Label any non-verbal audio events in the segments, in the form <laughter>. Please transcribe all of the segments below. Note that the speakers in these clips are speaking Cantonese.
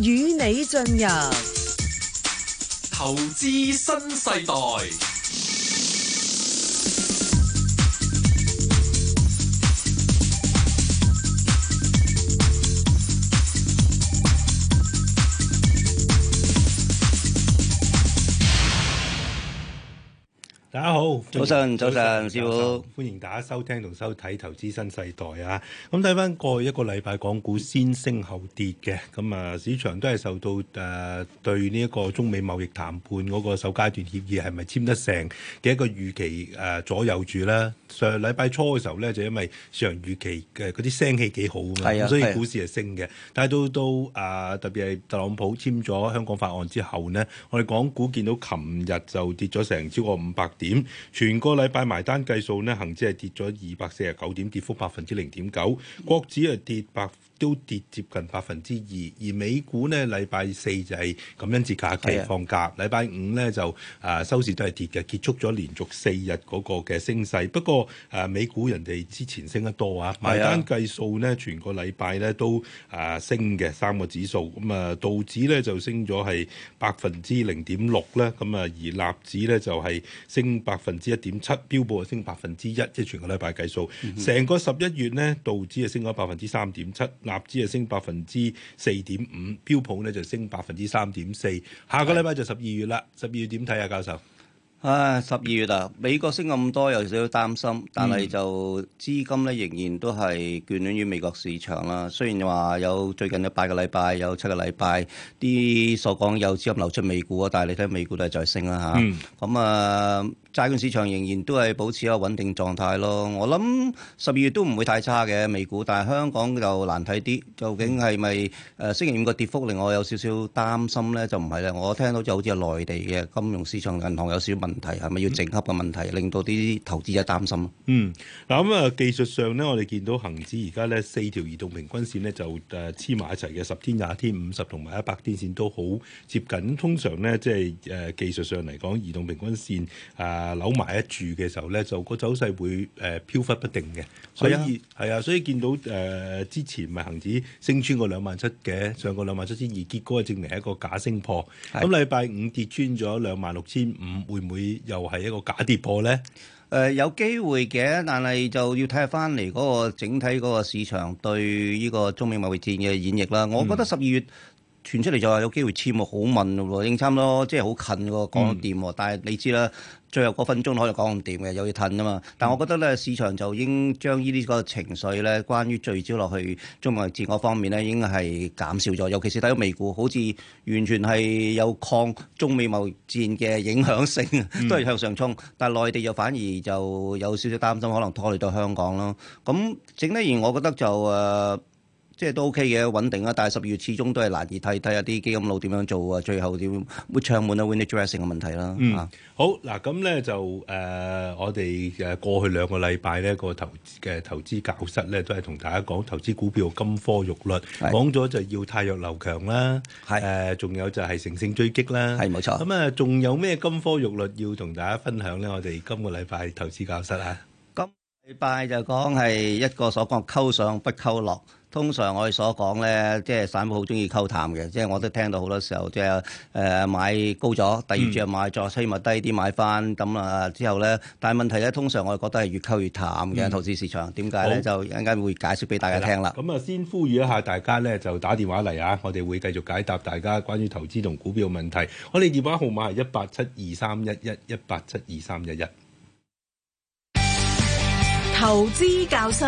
與你進入投資新世代。大家好，早晨，早晨，師傅，歡迎大家收聽同收睇《投資新世代》啊、嗯！咁睇翻過去一個禮拜，港股先升後跌嘅，咁啊，市場都係受到誒、啊、對呢一個中美貿易談判嗰個首階段協議係咪簽得成嘅一個預期誒、啊、左右住啦。上禮拜初嘅時候咧，就因為上預期嘅嗰啲聲氣幾好啊，所以股市係升嘅。啊、但係都都誒、啊、特別係特朗普簽咗香港法案之後咧，我哋港股見到琴日就跌咗成超過五百點。點全個禮拜埋單計數呢？恒指係跌咗二百四十九點，跌幅跌百分之零點九，國指係跌百。都跌接近百分之二，而美股呢，禮拜四就係感恩節假期放假，禮拜五呢就啊、呃、收市都係跌嘅，結束咗連續四日嗰個嘅升勢。不過啊、呃，美股人哋之前升得多啊，埋單計數呢，全個禮拜呢都啊升嘅三個指數。咁、嗯、啊，道指呢就升咗係百分之零點六咧，咁啊而納指呢就係、是、升百分之一點七，標普啊升百分之一，即、就、係、是、全個禮拜計數。成個十一月呢，道指啊升咗百分之三點七。納指就升百分之四點五，標普咧就升百分之三點四。下個禮拜就十二月啦，十二月點睇啊，教授？唉，十二月啊，美國升咁多，有少少擔心，但係就資金咧仍然都係眷戀於美國市場啦。雖然話有最近有八個禮拜，有七個禮拜啲所講有資金流出美股，美股、嗯、啊，但係你睇美股都係在升啦吓。咁啊。債券市場仍然都係保持一個穩定狀態咯，我諗十二月都唔會太差嘅美股，但係香港就難睇啲，究竟係咪誒星期五個跌幅令我有少少擔心咧？就唔係咧，我聽到就好似係內地嘅金融市場銀行有少少問題，係咪要整合嘅問題，令到啲投資者擔心？嗯，嗱咁啊，技術上咧，我哋見到恒指而家咧四條移動平均線咧就誒黐埋一齊嘅，十天、廿天、五十同埋一百天線都好接近。通常咧即係誒、呃、技術上嚟講，移動平均線啊。呃啊，扭埋一住嘅時候咧，就個走勢會誒飄忽不定嘅，所以係啊，啊，所以見到誒、呃、之前咪恒指升穿個兩萬七嘅，上個兩萬七千二，結果證明係一個假升破。咁禮拜五跌穿咗兩萬六千五，會唔會又係一個假跌破咧？誒、呃，有機會嘅，但係就要睇翻嚟嗰個整體嗰個市場對呢個中美貿易戰嘅演繹啦。我覺得十二月傳、嗯、出嚟就話有機會簽，好問喎，應差唔多即係好近個講掂喎，嗯、但係你知啦。最後嗰分鐘可以講唔掂嘅，又要褪啊嘛。但我覺得咧，市場就已經將呢啲個情緒咧，關於聚焦落去中美戰嗰方面咧，已經係減少咗。尤其是睇到美股，好似完全係有抗中美貿易戰嘅影響性，都係向上衝。嗯，但係內地又反而就有少少擔心，可能拖累到香港咯。咁整得而，我覺得就誒。呃即係都 OK 嘅，穩定啊！但係十二月始終都係難以睇，睇下啲基金佬點樣做啊！最後點會唱滿啊，window dressing 嘅問題啦嚇。嗯，好嗱，咁咧就誒，我哋誒過去兩個禮拜咧個投嘅投資教室咧，都係同大家講投資股票金科玉律，講咗就要汰弱留強啦，係誒，仲有就係乘勝追擊啦，係冇錯。咁啊，仲有咩金科玉律要同大家分享咧？我哋今個禮拜投資教室啊，今禮拜就講係一個所講溝上不溝落。通常我哋所講咧，即係散戶好中意溝淡嘅，即係我都聽到好多時候即係誒、呃、買高咗，第二隻買咗，所以咪低啲買翻，咁啊之後咧，但係問題咧，通常我哋覺得係越溝越淡嘅投資市場，點解咧就陣間會解釋俾大家聽啦。咁啊，先呼籲一下大家咧，就打電話嚟啊！我哋會繼續解答大家關於投資同股票問題。我哋電話號碼係一八七二三一一一八七二三一一。投資教室。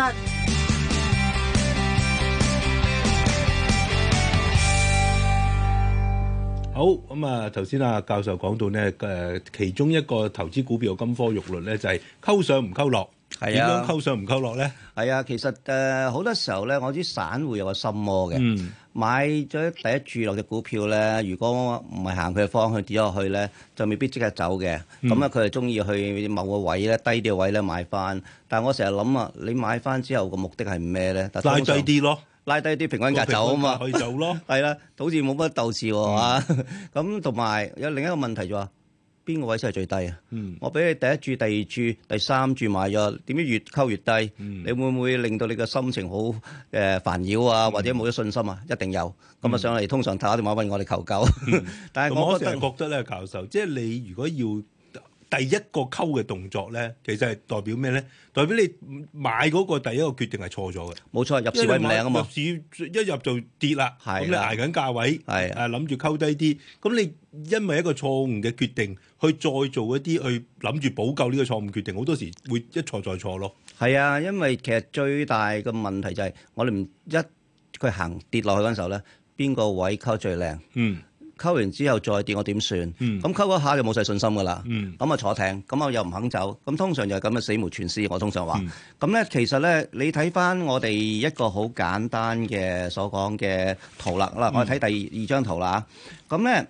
好咁啊！頭先啊，教授講到呢，誒、呃，其中一個投資股票金科玉律咧，就係、是、溝上唔溝落，係啊，點樣溝上唔溝落咧？係啊，其實誒，好、呃、多時候咧，我知散戶有個心魔嘅，嗯，買咗第一注落嘅股票咧，如果唔係行佢嘅方向跌落去咧，就未必即刻走嘅。咁啊、嗯，佢係中意去某個位咧，低啲嘅位咧買翻。但係我成日諗啊，你買翻之後個目的係咩咧？拉低啲咯。拉低啲平均價走啊嘛，走係啦，好似冇乜鬥士喎咁。同埋有另一個問題就話、是，邊個位先係最低啊？嗯、我俾你第一注、第二注、第三注買咗，點樣越溝越低？嗯、你會唔會令到你嘅心情好誒煩擾啊？嗯、或者冇咗信心啊？一定有。咁啊上嚟，通常打電話問我哋求救。嗯、 <laughs> 但係我覺得覺得教授，即係你如果要。 <laughs> 第一個溝嘅動作咧，其實係代表咩咧？代表你買嗰個第一個決定係錯咗嘅。冇錯，入市位唔靚啊嘛！入市一入就跌啦，咁的你挨緊價位，係諗住溝低啲。咁你因為一個錯誤嘅決定，去再做一啲去諗住補救呢個錯誤決定，好多時會一錯再錯咯。係啊，因為其實最大嘅問題就係、是、我哋唔一佢行跌落去嗰陣時候咧，邊個位溝最靚？嗯。溝完之後再跌我點算？咁、嗯、溝嗰下就冇晒信心噶啦。咁啊、嗯、坐艇，咁我又唔肯走。咁通常就係咁樣死無全屍。我通常話。咁咧、嗯、其實咧，你睇翻我哋一個好簡單嘅所講嘅圖啦。嗱、嗯，我睇第二,二張圖啦。咁咧、嗯，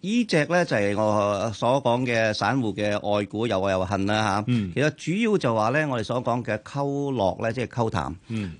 呢隻咧就係我所講嘅散戶嘅愛股又愛又恨啦。嚇，其實主要就話咧，我哋所講嘅溝落咧，即係溝淡。嗯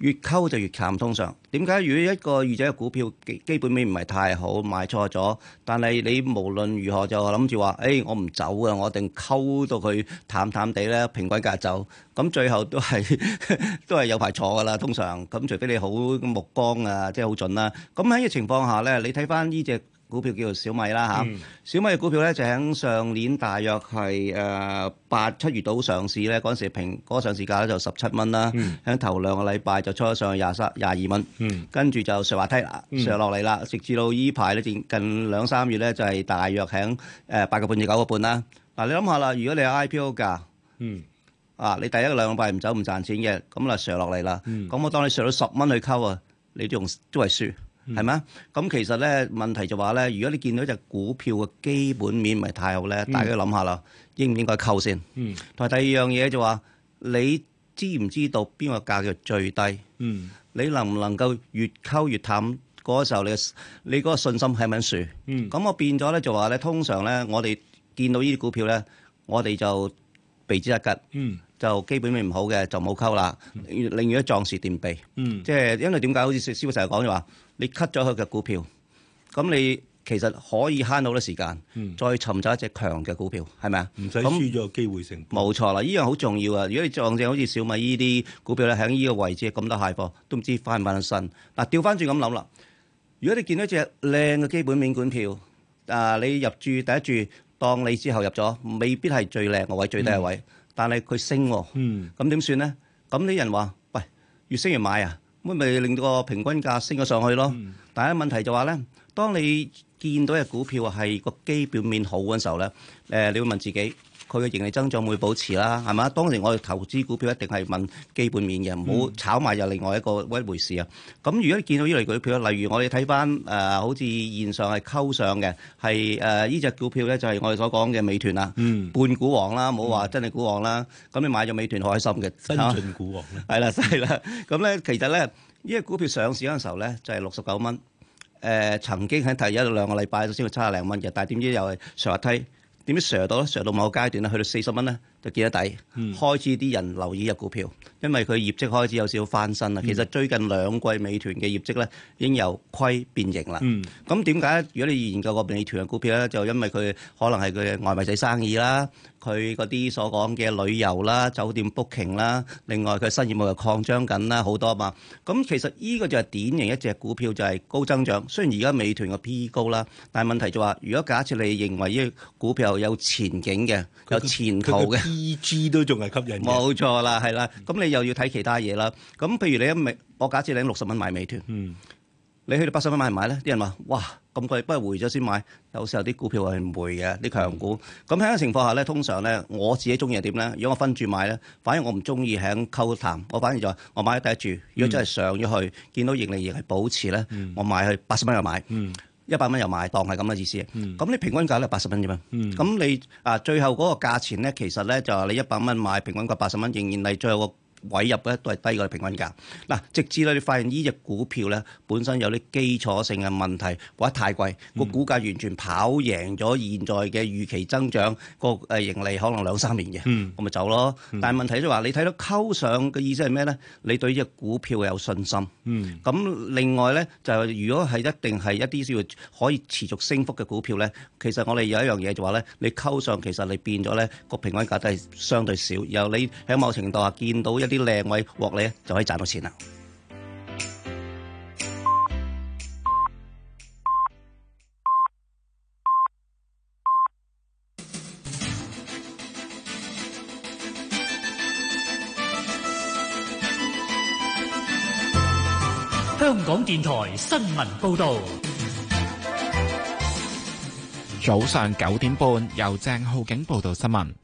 越溝就越淡，通常點解？如果一個預製嘅股票基基本面唔係太好，買錯咗，但係你無論如何就諗住話，誒我唔走啊，我，我一定溝到佢淡淡地咧，平鬼價走，咁最後都係 <laughs> 都係有排坐噶啦，通常咁除非你好目光啊，即係好準啦。咁喺呢個嘅情況下咧，你睇翻呢隻。股票叫做小米啦嚇，嗯、小米嘅股票咧就喺上年大約係誒八七月度上市咧，嗰陣時平嗰、嗰個、上市價咧就十七蚊啦，喺、嗯、頭兩個禮拜就衝咗上去廿三廿二蚊，嗯、跟住就上滑梯、嗯、上落嚟啦，直至到依排咧近近兩三月咧就係大約喺誒八個半至九個半啦。嗱、啊、你諗下啦，如果你有 IPO 價，嗯、啊你第一兩個禮拜唔走唔賺錢嘅，咁啊上落嚟啦，咁我、嗯嗯、當你上到十蚊去溝啊，你仲都係輸。係咩？咁其實咧問題就話咧，如果你見到隻股票嘅基本面唔係太好咧，嗯、大家諗下啦，應唔應該溝先？嗯。同埋第二樣嘢就話、是，你知唔知道邊個價嘅最低？嗯。你能唔能夠越溝越淡？嗰時候你你嗰個信心係咪樹？嗯。咁我變咗咧就話咧，通常咧我哋見到呢啲股票咧，我哋就避之則吉。嗯。就基本面唔好嘅就唔好溝啦，寧願一壯士斷臂。嗯。即係因為點解？好似司司傅成日講就話。你 cut 咗佢嘅股票，咁你其實可以慳好多時間，嗯、再尋找一隻強嘅股票，係咪啊？唔使輸咗機會成本。冇錯啦，依樣好重要啊！如果你撞正好似小米依啲股票咧，喺依個位置咁多蟹貨，都唔知翻唔翻得身。嗱、啊，調翻轉咁諗啦，如果你見到一隻靚嘅基本面股票，啊，你入住第一注，當你之後入咗，未必係最靚嘅位，最低嘅位，嗯、但係佢升、啊，咁點算咧？咁啲人話，喂，越升越買啊！咁咪令到個平均價升咗上去咯。嗯、但係問題就話咧，當你見到隻股票係個基本面好嗰時候咧，誒，你會問自己。佢嘅盈利增長會保持啦，係嘛？當時我哋投資股票一定係問基本面嘅，唔好炒賣又另外一個乜一回事啊。咁如果見到依類股票，例如我哋睇翻誒，好似現上係溝上嘅係誒，依隻股票咧就係我哋所講嘅美團啦，半股王啦，冇話真係股王啦。咁你買咗美團好開心嘅，新進股王啦，係啦係啦。咁咧其實咧，依隻股票上市嗰陣時候咧就係六十九蚊誒，曾經喺第一兩個禮拜先至七十零蚊嘅，但係點知又係上滑梯。點樣上到咧？上到某個階段咧，去到四十蚊咧。就見得底，嗯、開始啲人留意入股票，因為佢業績開始有少少翻身啦。其實最近兩季美團嘅業績咧，已經由虧變盈啦。咁點解？如果你研究過美團嘅股票咧，就因為佢可能係佢嘅外賣仔生意啦，佢嗰啲所講嘅旅遊啦、酒店 booking 啦，另外佢新業務又擴張緊啦，好多嘛。咁其實呢個就係典型一隻股票就係、是、高增長。雖然而家美團嘅 PE 高啦，但係問題就話，如果假設你認為呢股票有前景嘅、它有前途嘅。E.G. 都仲係吸引冇錯啦，係啦。咁你又要睇其他嘢啦。咁譬如你一我假設你拎六十蚊買美團，嗯、你去到八十蚊買唔買咧？啲人話：哇，咁貴，不如回咗先買。有時候啲股票係唔回嘅，啲強股。咁喺呢個情況下咧，通常咧，我自己中意係點咧？如果我分住買咧，反而我唔中意喺溝淡。我反而就話、是，我買第一注。如果真係上咗去，見到盈利亦係保持咧，我買去八十蚊又買。嗯嗯一百蚊又買，當係咁嘅意思。咁、嗯、你平均價係八十蚊啫嘛。咁、嗯、你最後嗰個價錢咧，其實咧就係你一百蚊買，平均價八十蚊，仍然係最後。位入咧都係低過平均價。嗱，直至咧你發現呢隻股票咧本身有啲基礎性嘅問題，或者太貴，個股價完全跑贏咗現在嘅預期增長，個誒盈利可能兩三年嘅，我咪走咯。但係問題就話你睇到溝上嘅意思係咩咧？你對呢隻股票有信心。咁另外咧就係如果係一定係一啲要可以持續升幅嘅股票咧，其實我哋有一樣嘢就話咧，你溝上其實你變咗咧個平均價都係相對少，然後你喺某程度下見到一啲靚位獲利啊，就可以賺到錢啦！香港電台新聞報道，早上九點半，由鄭浩景報道新聞。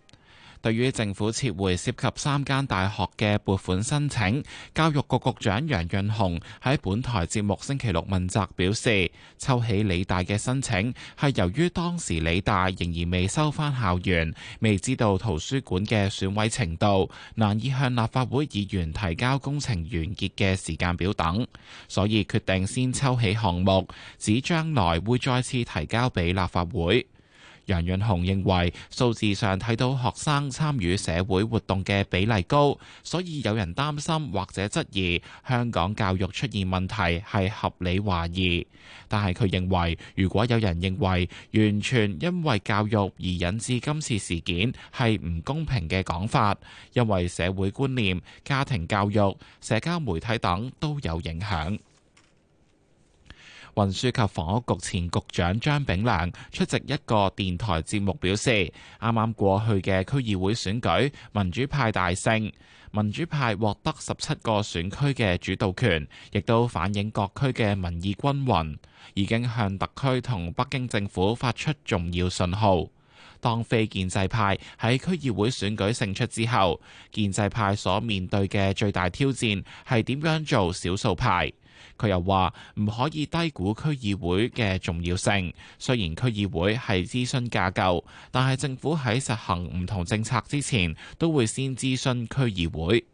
對於政府撤回涉及三間大學嘅撥款申請，教育局局長楊潤雄喺本台節目星期六問責表示：抽起理大嘅申請係由於當時理大仍然未收返校園，未知道圖書館嘅損毀程度，難以向立法會議員提交工程完結嘅時間表等，所以決定先抽起項目，指將來會再次提交俾立法會。楊潤雄認為，數字上睇到學生參與社會活動嘅比例高，所以有人擔心或者質疑香港教育出現問題係合理懷疑。但係佢認為，如果有人認為完全因為教育而引致今次事件係唔公平嘅講法，因為社會觀念、家庭教育、社交媒體等都有影響。運輸及房屋局前局長張炳良出席一個電台節目，表示：啱啱過去嘅區議會選舉，民主派大勝，民主派獲得十七個選區嘅主導權，亦都反映各區嘅民意均勻，已經向特區同北京政府發出重要信號。當非建制派喺區議會選舉勝出之後，建制派所面對嘅最大挑戰係點樣做少數派。佢又話：唔可以低估區議會嘅重要性。雖然區議會係諮詢架構，但係政府喺實行唔同政策之前，都會先諮詢區議會。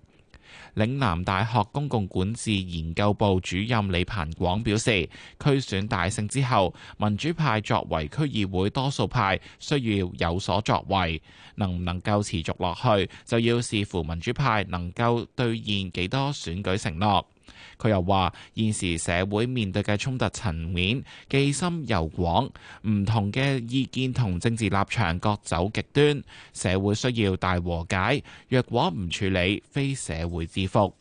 嶺南大學公共管治研究部主任李彭廣表示：區選大勝之後，民主派作為區議會多數派，需要有所作為。能唔能夠持續落去，就要視乎民主派能夠兌現幾多選舉承諾。佢又話：現時社會面對嘅衝突層面既深又廣，唔同嘅意見同政治立場各走極端，社會需要大和解。若果唔處理，非社會之福。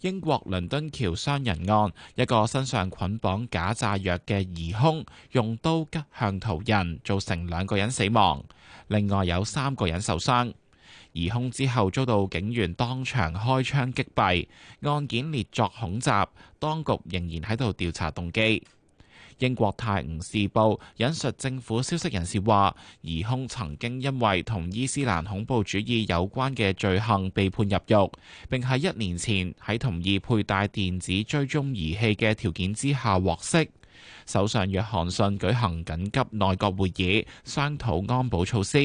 英國倫敦橋傷人案，一個身上捆綁假炸藥嘅疑兇，用刀吉向途人，造成兩個人死亡，另外有三個人受傷。疑凶之後遭到警員當場開槍擊斃，案件列作恐襲，當局仍然喺度調查動機。英國《泰晤士報》引述政府消息人士話，疑凶曾經因為同伊斯蘭恐怖主義有關嘅罪行被判入獄，並喺一年前喺同意佩戴電子追蹤儀器嘅條件之下獲釋。首相約翰遜舉行緊急內閣會議，商討安保措施。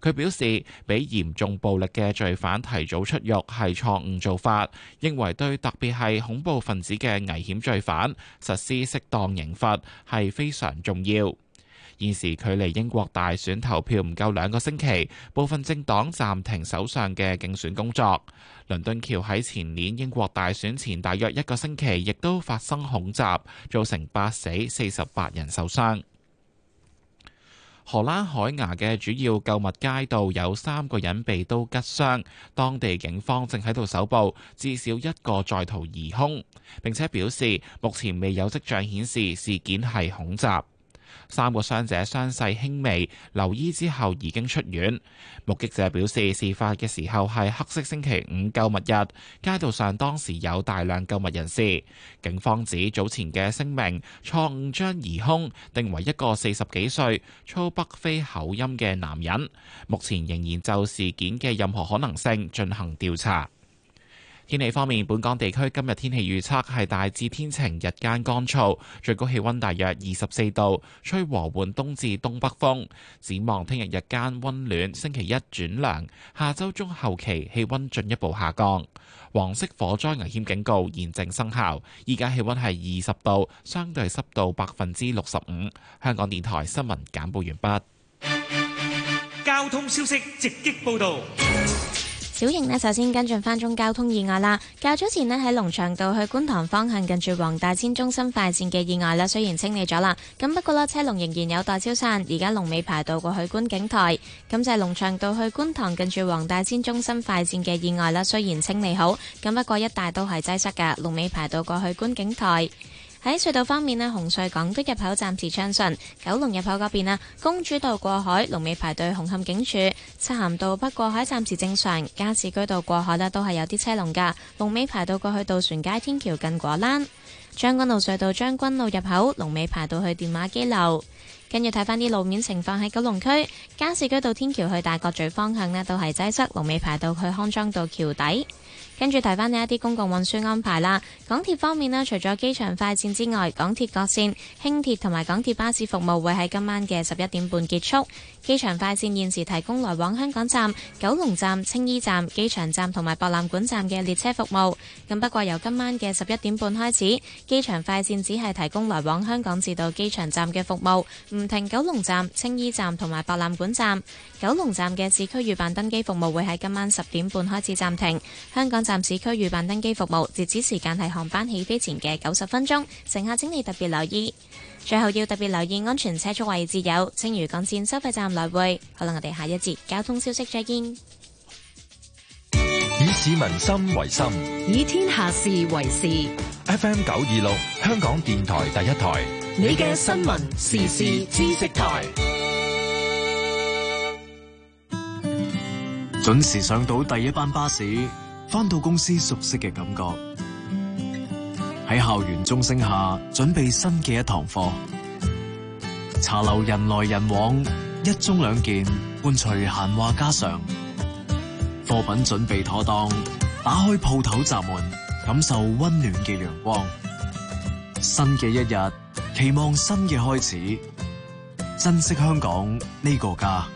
佢表示，俾嚴重暴力嘅罪犯提早出獄係錯誤做法，認為對特別係恐怖分子嘅危險罪犯實施適當刑罰係非常重要。現時距離英國大選投票唔夠兩個星期，部分政黨暫停首相嘅競選工作。倫敦橋喺前年英國大選前大約一個星期，亦都發生恐襲，造成八死四十八人受傷。荷蘭海牙嘅主要購物街道有三個人被刀割傷，當地警方正喺度搜捕至少一個在逃疑兇，並且表示目前未有跡象顯示事件係恐襲。三個傷者傷勢輕微，留醫之後已經出院。目擊者表示，事發嘅時候係黑色星期五購物日，街道上當時有大量購物人士。警方指早前嘅聲明錯誤將疑兇定為一個四十幾歲、操北非口音嘅男人，目前仍然就事件嘅任何可能性進行調查。天氣方面，本港地區今日天氣預測係大致天晴，日間乾燥，最高氣溫大約二十四度，吹和緩東至東北風。展望聽日日間温暖，星期一轉涼，下周中後期氣温進一步下降。黃色火災危險警告現正生效。依家氣温係二十度，相對濕度百分之六十五。香港電台新聞簡報完畢。交通消息直擊報道。小瑩呢，首先跟進翻宗交通意外啦。較早前呢，喺龍翔道去觀塘方向近住黃大仙中心快線嘅意外咧，雖然清理咗啦，咁不過咧車龍仍然有待消散。而家龍尾排到過去觀景台，咁就係龍翔道去觀塘近住黃大仙中心快線嘅意外啦。雖然清理好，咁不過一帶都係擠塞㗎，龍尾排到過去觀景台。喺隧道方面咧，紅隧港島入口暫時暢順，九龍入口嗰邊啊，公主道過海龍尾排隊，紅磡警署、漆咸道北過海暫時正常，加士居道過海咧都係有啲車龍噶，龍尾排到過去渡船街天橋近果欄，將軍澳隧道將軍澳入口龍尾排到去電話機樓，跟住睇翻啲路面情況喺九龍區，加士居道天橋去大角咀方向咧都係擠塞，龍尾排到去康莊道橋底。跟住提翻呢一啲公共運輸安排啦。港鐵方面咧，除咗機場快線之外，港鐵各線、輕鐵同埋港鐵巴士服務會喺今晚嘅十一點半結束。機場快線現時提供來往香港站、九龍站、青衣站、機場站同埋博覽館站嘅列車服務。咁不過由今晚嘅十一點半開始，機場快線只係提供來往香港至到機場站嘅服務，唔停九龍站、青衣站同埋博覽館站。九龍站嘅市區預辦登機服務會喺今晚十點半開始暫停。香港站市區預辦登機服務，截止時間係航班起飛前嘅九十分鐘，乘客請你特別留意。最後要特別留意安全車速位置，有青嶼幹線收費站來回。好啦，我哋下一節交通消息再見。以市民心為心，以天下事為事。FM 九二六，香港電台第一台，你嘅新聞時事知識台，準時上到第一班巴士。返到公司熟悉嘅感覺，喺校園鐘聲下準備新嘅一堂課。茶樓人來人往，一盅兩件伴隨閒話家常。貨品準備妥當，打開鋪頭閘門，感受温暖嘅陽光。新嘅一日，期望新嘅開始，珍惜香港呢個家。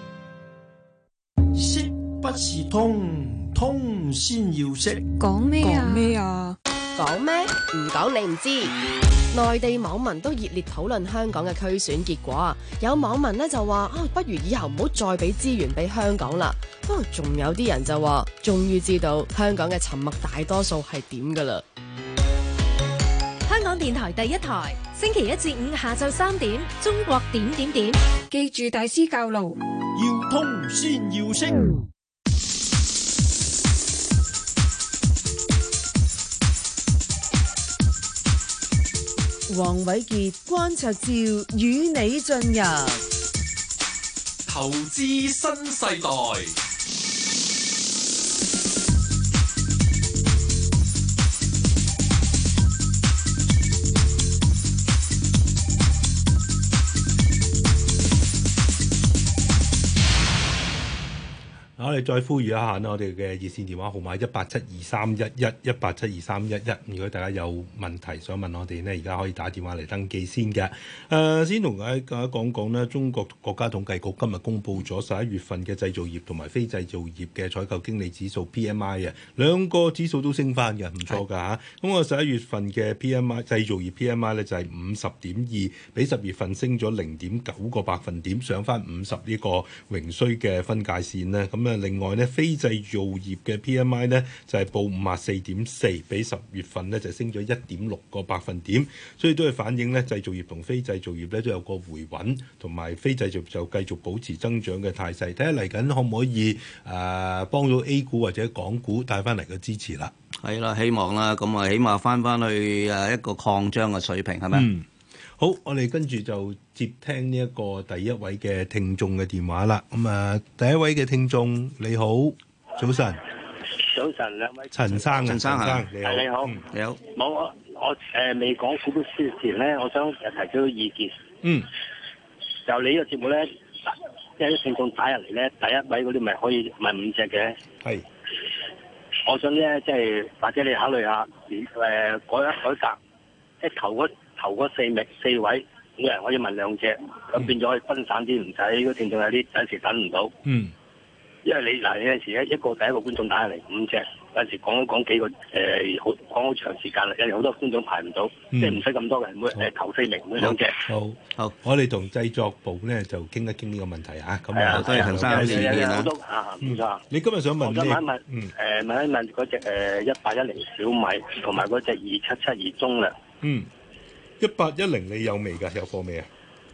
色不是通。通先要識，講咩啊？講咩啊？講咩？唔講你唔知。內地網民都熱烈討論香港嘅區選結果啊！有網民咧就話，哦、啊，不如以後唔好再俾資源俾香港啦。不過仲有啲人就話，終於知道香港嘅沉默大多數係點噶啦。香港電台第一台，星期一至五下晝三點，中國點點點，點，記住大師教路，要通先要識。黃瑋傑關焯照，與你進入投資新世代。我哋再呼籲一下咧，我哋嘅熱線電話號碼一八七二三一一一八七二三一一。11, 11, 如果大家有問題想問我哋咧，而家可以打電話嚟登記先嘅。誒、呃，先同大家講講咧，中國國家統計局今日公布咗十一月份嘅製造業同埋非製造業嘅採購經理指數 P.M.I. 啊，PM I, 兩個指數都升翻嘅，唔錯㗎嚇。咁我十一月份嘅 P.M.I. 製造業 P.M.I. 咧就係五十點二，比十月份升咗零點九個百分點，上翻五十呢個榮衰嘅分界線咧。咁啊～另外咧，非製造業嘅 PMI 咧就係報五十四點四，比十月份咧就升咗一點六個百分點，所以都係反映呢，製造業同非製造業咧都有個回穩，同埋非製造業就繼續保持增長嘅態勢。睇下嚟緊可唔可以誒幫、呃、到 A 股或者港股帶翻嚟嘅支持啦。係啦，希望啦，咁啊起碼翻翻去誒一個擴張嘅水平係咪？好，我哋跟住就接聽呢一個第一位嘅聽眾嘅電話啦。咁啊，第一位嘅聽眾你好，早晨，早晨，兩位陳生啊，陳生啊，你好，你好。冇啊，我誒未講股息之前咧，我想提出意見。嗯。就你呢個節目咧，即係啲聽眾打入嚟咧，第一位嗰啲咪可以咪五隻嘅。係。我想咧即係或者你考慮下誒改一改革即係頭嗰投頭嗰四名四位每人可以問兩隻，咁變咗可以分散啲唔使，嗰啲聽眾有啲有時等唔到。嗯，因為你嗱有時咧一個第一個觀眾打嚟五隻，有時講一講幾個誒好講好長時間啦，有時好多觀眾排唔到，即係唔使咁多人每誒頭四名咁樣。兩隻好好，我哋同製作部咧就傾一傾呢個問題嚇。咁啊，多謝陳生嘅意見啦。啊，唔錯。你今日想問咩？今日問誒問一問嗰隻誒一八一零小米同埋嗰隻二七七二中梁。嗯。一八一零你有未噶？有貨未啊？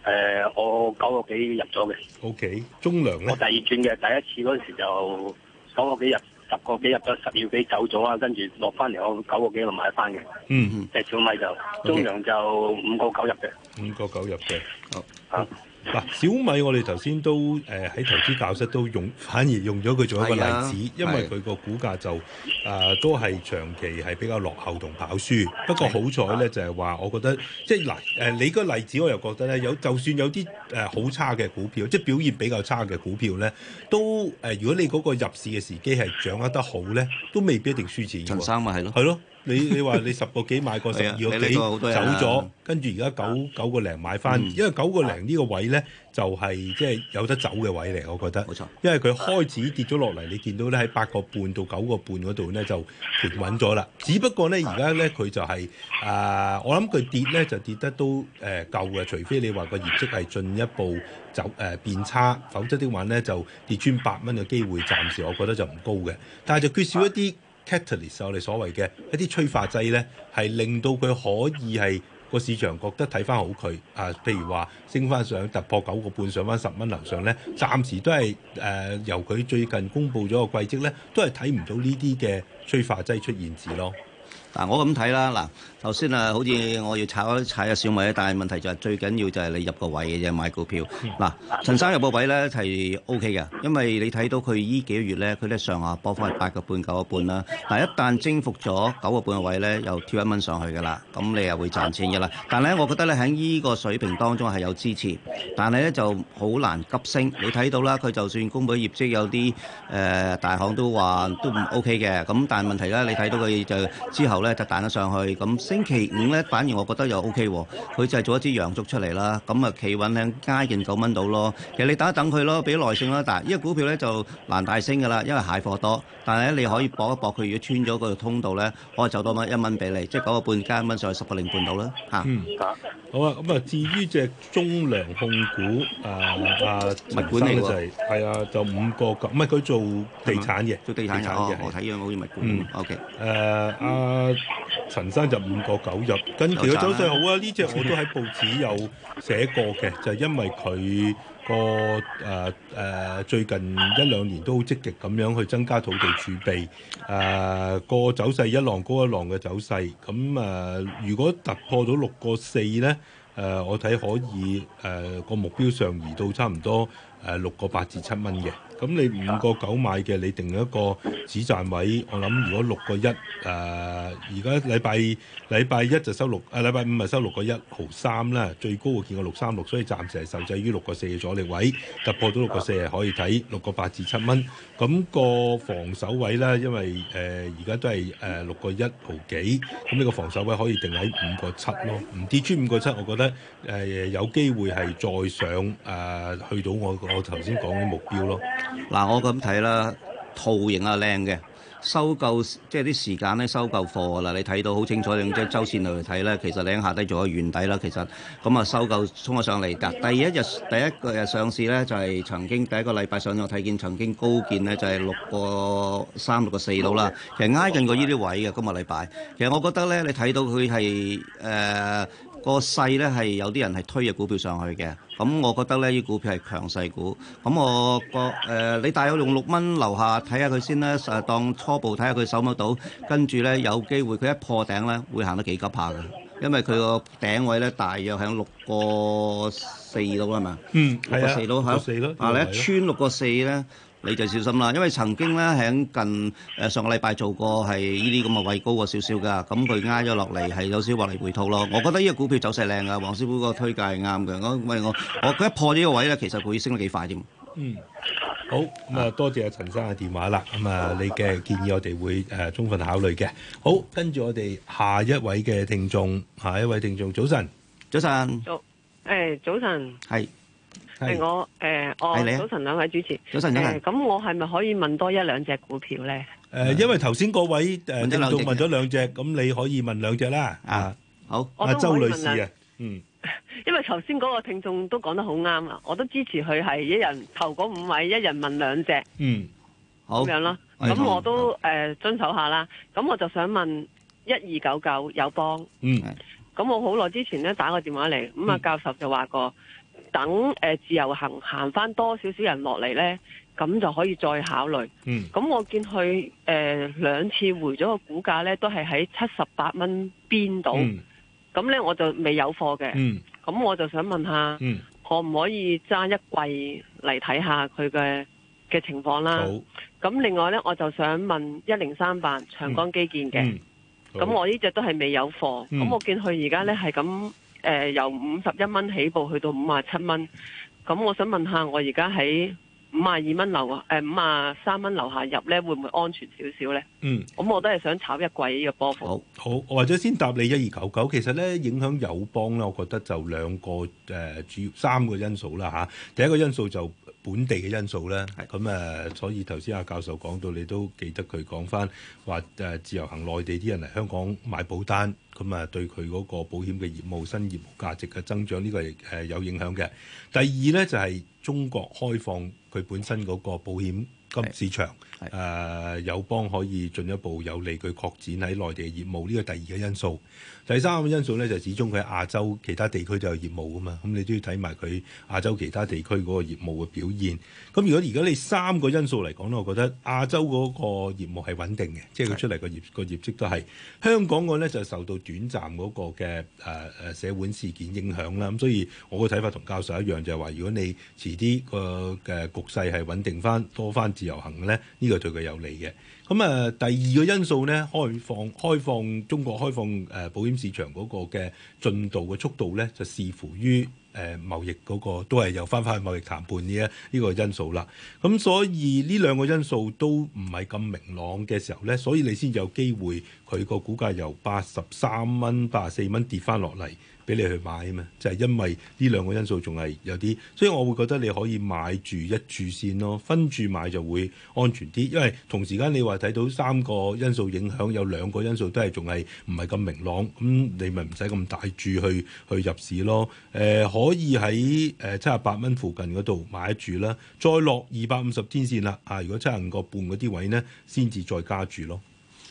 誒、呃，我九個幾入咗嘅。O、okay, K，中糧咧？我第二轉嘅，第一次嗰陣時就九個幾入，十個幾入咗十二幾，十幾，十幾走咗啊，跟住落翻嚟我九個幾又買翻嘅、嗯。嗯嗯，即小米就，okay, 中糧就五個九入嘅。五個九入嘅。好。好。嗱，小米我哋頭先都誒喺、呃、投資教室都用，反而用咗佢做一個例子，啊、因為佢個股價就誒、呃、都係長期係比較落後同跑輸。不過好彩咧就係話，我覺得即係嗱誒，你個例子我又覺得咧，有就算有啲誒、呃、好差嘅股票，即係表現比較差嘅股票咧，都誒、呃、如果你嗰個入市嘅時機係掌握得好咧，都未必一定輸錢。陳生咪係咯，係咯。 <laughs> 你你話你十個幾買過個十二 <music> 個幾走咗，跟住而家九九個零買翻，因為九個零呢個位呢，就係即係有得走嘅位嚟，我覺得。冇錯，因為佢開始跌咗落嚟，你見到咧喺八個半到九個半嗰度呢，就盤穩咗啦。只不過呢，而家呢，佢就係、是、啊、呃，我諗佢跌呢，就跌得都誒夠嘅，除非你話個業績係進一步走誒、呃、變差，否則的話呢，就跌穿八蚊嘅機會，暫時我覺得就唔高嘅。但係就缺少一啲。catalyst 我哋所謂嘅一啲催化劑咧，係令到佢可以係個市場覺得睇翻好佢啊，譬如話升翻上突破九個半，上翻十蚊樓上咧，暫時都係誒、呃、由佢最近公布咗個季績咧，都係睇唔到呢啲嘅催化劑出現字咯。嗱、啊，我咁睇啦。嗱、啊，頭先啊，好似我要踩一踩啊小米，但係問題就係、是、最緊要就係你入個位嘅啫，買股票。嗱、啊，陳生入個位咧係 O K 嘅，因為你睇到佢依幾個月咧，佢咧上下波幅係八個半九個半啦。嗱，一旦征服咗九個半嘅位咧，又跳一蚊上去嘅啦，咁你又會賺錢嘅啦。但係咧，我覺得咧喺依個水平當中係有支持，但係咧就好難急升。你睇到啦，佢就算公佈業績有啲誒、呃、大行都話都唔 O K 嘅。咁、啊、但係問題咧，你睇到佢就之後咧。咧就彈咗上去，咁星期五咧反而我覺得又 O K 喎，佢就係做一支陽燭出嚟啦，咁啊企穩咧加勁九蚊到咯。其實你等一等佢咯，俾耐性啦。但係呢個股票咧就難大升㗎啦，因為蟹貨多。但係咧你可以搏一搏，佢如果穿咗個通道咧，可以走多蚊一蚊俾你，即係九個半加一蚊上去十個零半到啦。嚇，好啊。咁啊，至於隻中糧控股啊啊物管呢個，係啊，就五個咁，唔係佢做地產嘅，做地產嘅，我睇樣好似物管。O K，誒啊！啊！陳生就五個九入，近期嘅走勢好啊！呢隻 <laughs> 我都喺報紙有寫過嘅，就係、是、因為佢個誒誒最近一兩年都好積極咁樣去增加土地儲備，誒、呃、個走勢一浪高一浪嘅走勢，咁誒、呃、如果突破到六個四咧，誒、呃、我睇可以誒個、呃、目標上移到差唔多誒六個八至七蚊嘅。咁你五個九買嘅，你定一個止賺位。我諗如果六個一，誒而家禮拜禮拜一就收六、呃，誒禮拜五咪收六個一毫三啦。最高我見過六三六，所以暫時係受制於六個四嘅阻力位。突破到六個四係可以睇六個八至七蚊。咁、那個防守位咧，因為誒而家都係誒六個一毫幾，咁呢個防守位可以定喺五個七咯。唔跌穿五個七，我覺得誒、呃、有機會係再上誒、呃、去到我我頭先講嘅目標咯。嗱，我咁睇啦，圖形啊靚嘅，收購即係啲時間咧收購貨啦，你睇到好清楚用即係周線嚟睇咧，其實你喺下低做咗圓底啦，其實咁啊收購衝咗上嚟㗎。第一日第一個日上市咧，就係曾經第一個禮拜上咗我睇見曾經高見呢，就係六個三六個四度啦。其實挨近過呢啲位嘅，今個禮拜其實我覺得咧，你睇到佢係誒。呃個勢咧係有啲人係推嘅股票上去嘅，咁我覺得咧呢啲股票係強勢股，咁我個誒、呃、你大約用六蚊樓下睇下佢先啦，當初步睇下佢守唔到，跟住咧有機會佢一破頂咧會行得幾急下嘅，因為佢個頂位咧大約係六個四二度吖嘛，係咪？嗯，係啊，四度嚇，4，啊你一穿六個四咧。你就小心啦，因為曾經咧喺近誒上個禮拜做過係依啲咁嘅位高過少少嘅，咁佢挨咗落嚟係有少少獲利回吐咯。我覺得依個股票走勢靚啊，黃師傅個推介係啱嘅。我問我我佢一破呢個位咧，其實可以升得幾快添。嗯，好咁啊，多謝阿陳生嘅電話啦。咁啊，你嘅建議我哋會誒充分考慮嘅。好，跟住我哋下一位嘅聽眾，下一位聽眾，早晨，早晨，早，誒，早晨，係。係我誒，哦，早晨兩位主持，早晨。咁我係咪可以問多一兩隻股票咧？誒，因為頭先嗰位誒問咗兩隻，咁你可以問兩隻啦。啊，好，阿周女士啊，嗯，因為頭先嗰個聽眾都講得好啱啊，我都支持佢係一人頭嗰五位，一人問兩隻。嗯，好，咁樣咯。咁我都誒遵守下啦。咁我就想問一二九九友邦。嗯，咁我好耐之前咧，打個電話嚟，咁啊教授就話過。等、呃、自由行行翻多少少人落嚟呢，咁就可以再考慮。咁、嗯、我見佢誒、呃、兩次回咗個股價呢都係喺七十八蚊邊度。咁呢、嗯，我就未有貨嘅。咁、嗯、我就想問下，可唔、嗯、可以揸一季嚟睇下佢嘅嘅情況啦？咁好另外呢，我就想問一零三八長江基建嘅。咁、嗯嗯、我呢隻都係未有貨。咁、嗯嗯、我見佢而家呢，係咁，誒由五十一蚊起步去到五十七蚊，咁我想問下，我而家喺五十二蚊樓，誒五十三蚊樓下入咧，會唔會安全少少咧？嗯，咁我都係想炒一季呢個波幅。好，好，我或者先答你一二九九。其實咧，影響友邦咧，我覺得就兩個誒、呃、主要三個因素啦嚇。第一個因素就，本地嘅因素咧，咁誒的、啊，所以頭先阿教授講到，你都記得佢講翻話誒，自由行內地啲人嚟香港買保單，咁啊，對佢嗰個保險嘅業務新業務價值嘅增長呢、這個係，誒有影響嘅。第二咧就係、是、中國開放佢本身嗰個保險金市場。誒友，uh，邦可以進一步有利佢擴展喺內地嘅業務，呢個第二個因素。第三個因素咧，就始終佢喺亞洲其他地區都有業務噶嘛，咁你都要睇埋佢亞洲其他地區嗰個業務嘅表現。咁如果而家你三個因素嚟講咧，我覺得亞洲嗰個業務係穩定嘅，即係佢出嚟個業個是業績都係香港個咧就受到短暫嗰個嘅誒誒社會事件影響啦。咁所以我嘅睇法同教授一樣，就係、是、話如果你遲啲個嘅局勢係穩定翻多翻自由行嘅咧。呢個對佢有利嘅，咁啊第二個因素咧，開放開放中國開放誒、呃、保險市場嗰個嘅進度嘅速度咧，就視乎於誒貿易嗰、嗰個都係由翻返去貿易談判呢一呢個因素啦。咁所以呢兩個因素都唔係咁明朗嘅時候咧，所以你先有機會佢個股價由八十三蚊、八十四蚊跌翻落嚟。俾你去買啊嘛，就係、是、因為呢兩個因素仲係有啲，所以我會覺得你可以買住一注先咯，分住買就會安全啲。因為同時間你話睇到三個因素影響，有兩個因素都係仲係唔係咁明朗，咁你咪唔使咁大注去去入市咯。誒、呃，可以喺誒七十八蚊附近嗰度買一注啦，再落二百五十天線啦。啊，如果七十五個半嗰啲位呢，先至再加注咯。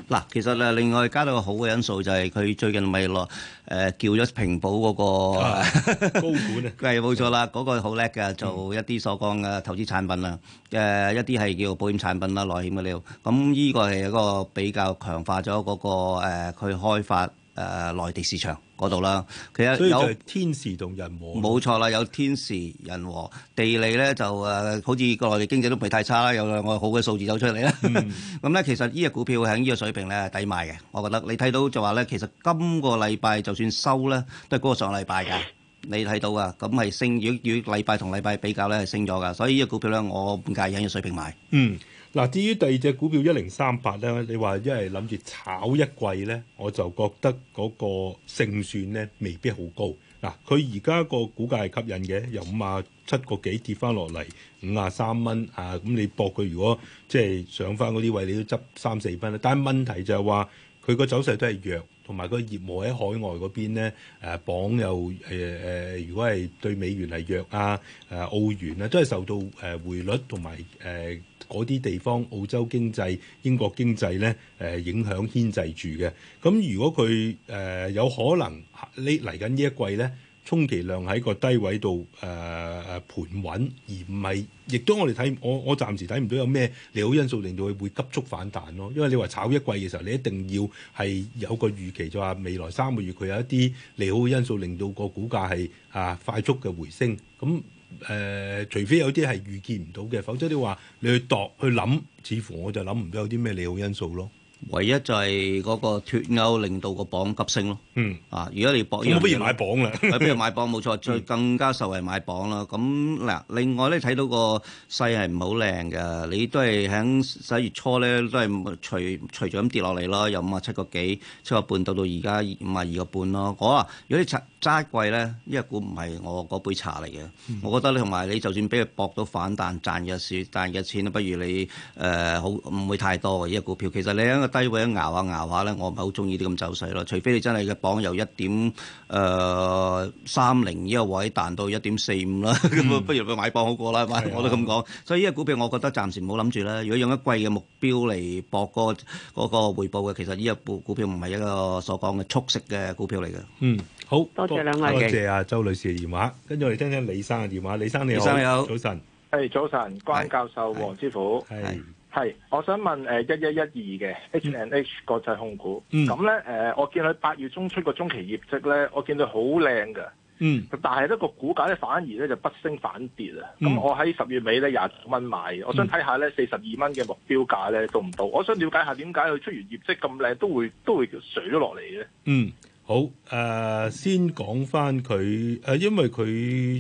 嗱，其實誒另外加到個好嘅因素就係佢最近咪落誒、呃、叫咗平保嗰、那個、啊、高管啊，佢係冇、 <laughs> 啊、 <laughs> 錯啦，嗰、那個好叻嘅，做一啲所講嘅投資產品啊，嘅、嗯呃、一啲係叫保險產品啊，內險嘅料。咁呢個係一個比較強化咗嗰、那個佢、呃、開發。誒、呃、內地市場嗰度啦，其實有天時同人和，冇錯啦，有天時人和地利咧就誒、呃，好似國內經濟都唔係太差啦，有兩個好嘅數字走出嚟啦。咁咧其實呢隻股票喺呢個水平咧係抵買嘅，我覺得。你睇到就話咧，其實今個禮拜就算收咧，都係嗰個上個禮拜㗎。你睇到㗎，咁係升，如果與禮拜同禮拜比較咧係升咗㗎。所以呢隻股票咧，我唔介意喺呢個水平買。嗯。嗱，至於第二隻股票一零三八咧，你話一係諗住炒一季咧，我就覺得嗰個勝算咧未必好高。嗱、啊，佢而家個股價係吸引嘅，由五啊七個幾跌翻落嚟五啊三蚊啊，咁你博佢如果即係上翻嗰啲位，你要執三四分啦。但係問題就係話佢個走勢都係弱，同埋個業務喺海外嗰邊咧，誒、呃、磅又誒誒、呃呃，如果係對美元係弱啊，誒、呃、澳元啊，都係受到誒匯、呃、率同埋誒。嗰啲地方、澳洲經濟、英國經濟咧，誒、呃、影響牽制住嘅。咁、嗯、如果佢誒、呃、有可能呢嚟緊呢一季咧，充其量喺個低位度誒誒盤穩，而唔係，亦都我哋睇我，我暫時睇唔到有咩利好因素令到佢會急速反彈咯、哦。因為你話炒一季嘅時候，你一定要係有個預期，就話、是、未來三個月佢有一啲利好嘅因素，令到個股價係啊快速嘅回升咁。嗯嗯誒、呃，除非有啲係預見唔到嘅，否則你話你去度，去諗，似乎我就諗唔到有啲咩利好因素咯。唯一就係嗰個脫歐令到個榜急升咯。嗯。啊，如果你搏，這個、不我不如買榜啦。不如買榜冇錯，最更加受惠買榜啦。咁嗱，另外咧睇到個勢係唔好靚嘅，你都係喺十一月初咧都係隨隨著咁跌落嚟咯，由五啊七個幾七個半到到而家五啊二個半咯。我話如果你揸一季咧，呢一股唔係我嗰杯茶嚟嘅。嗯、我覺得你同埋你就算俾佢搏到反彈賺嘅少，賺嘅錢不如你誒好唔會太多嘅呢一股票。其實你低位一熬下熬下咧，我唔係好中意啲咁走勢咯。除非你真係嘅榜由一點誒三零呢個位彈到一點四五啦，咁不如佢買榜好過啦。我都咁講，所以呢個股票我覺得暫時唔好諗住啦。如果用一季嘅目標嚟博個嗰個回報嘅，其實呢一部股票唔係一個所講嘅速食嘅股票嚟嘅。嗯，好多謝兩位，多謝阿周女士嘅電話，常跟住我哋聽聽李生嘅電話。李生你好，早晨。係早晨，關教授，黃師傅是。係。是係，我想問誒一一一二嘅 H and H，嗯、國際控股。咁咧誒，我見佢八月中出個中期業績咧，我見佢好靚㗎，嗯，但係呢個股價咧反而咧就不升反跌喇，咁、嗯、我喺十月尾咧廿蚊買，嗯、我想睇下咧四十二蚊嘅目標價咧到唔到，我想了解下點解佢出完業績咁靚都會都會水咗落嚟咧？嗯。好，誒、呃、先講翻佢，誒因為佢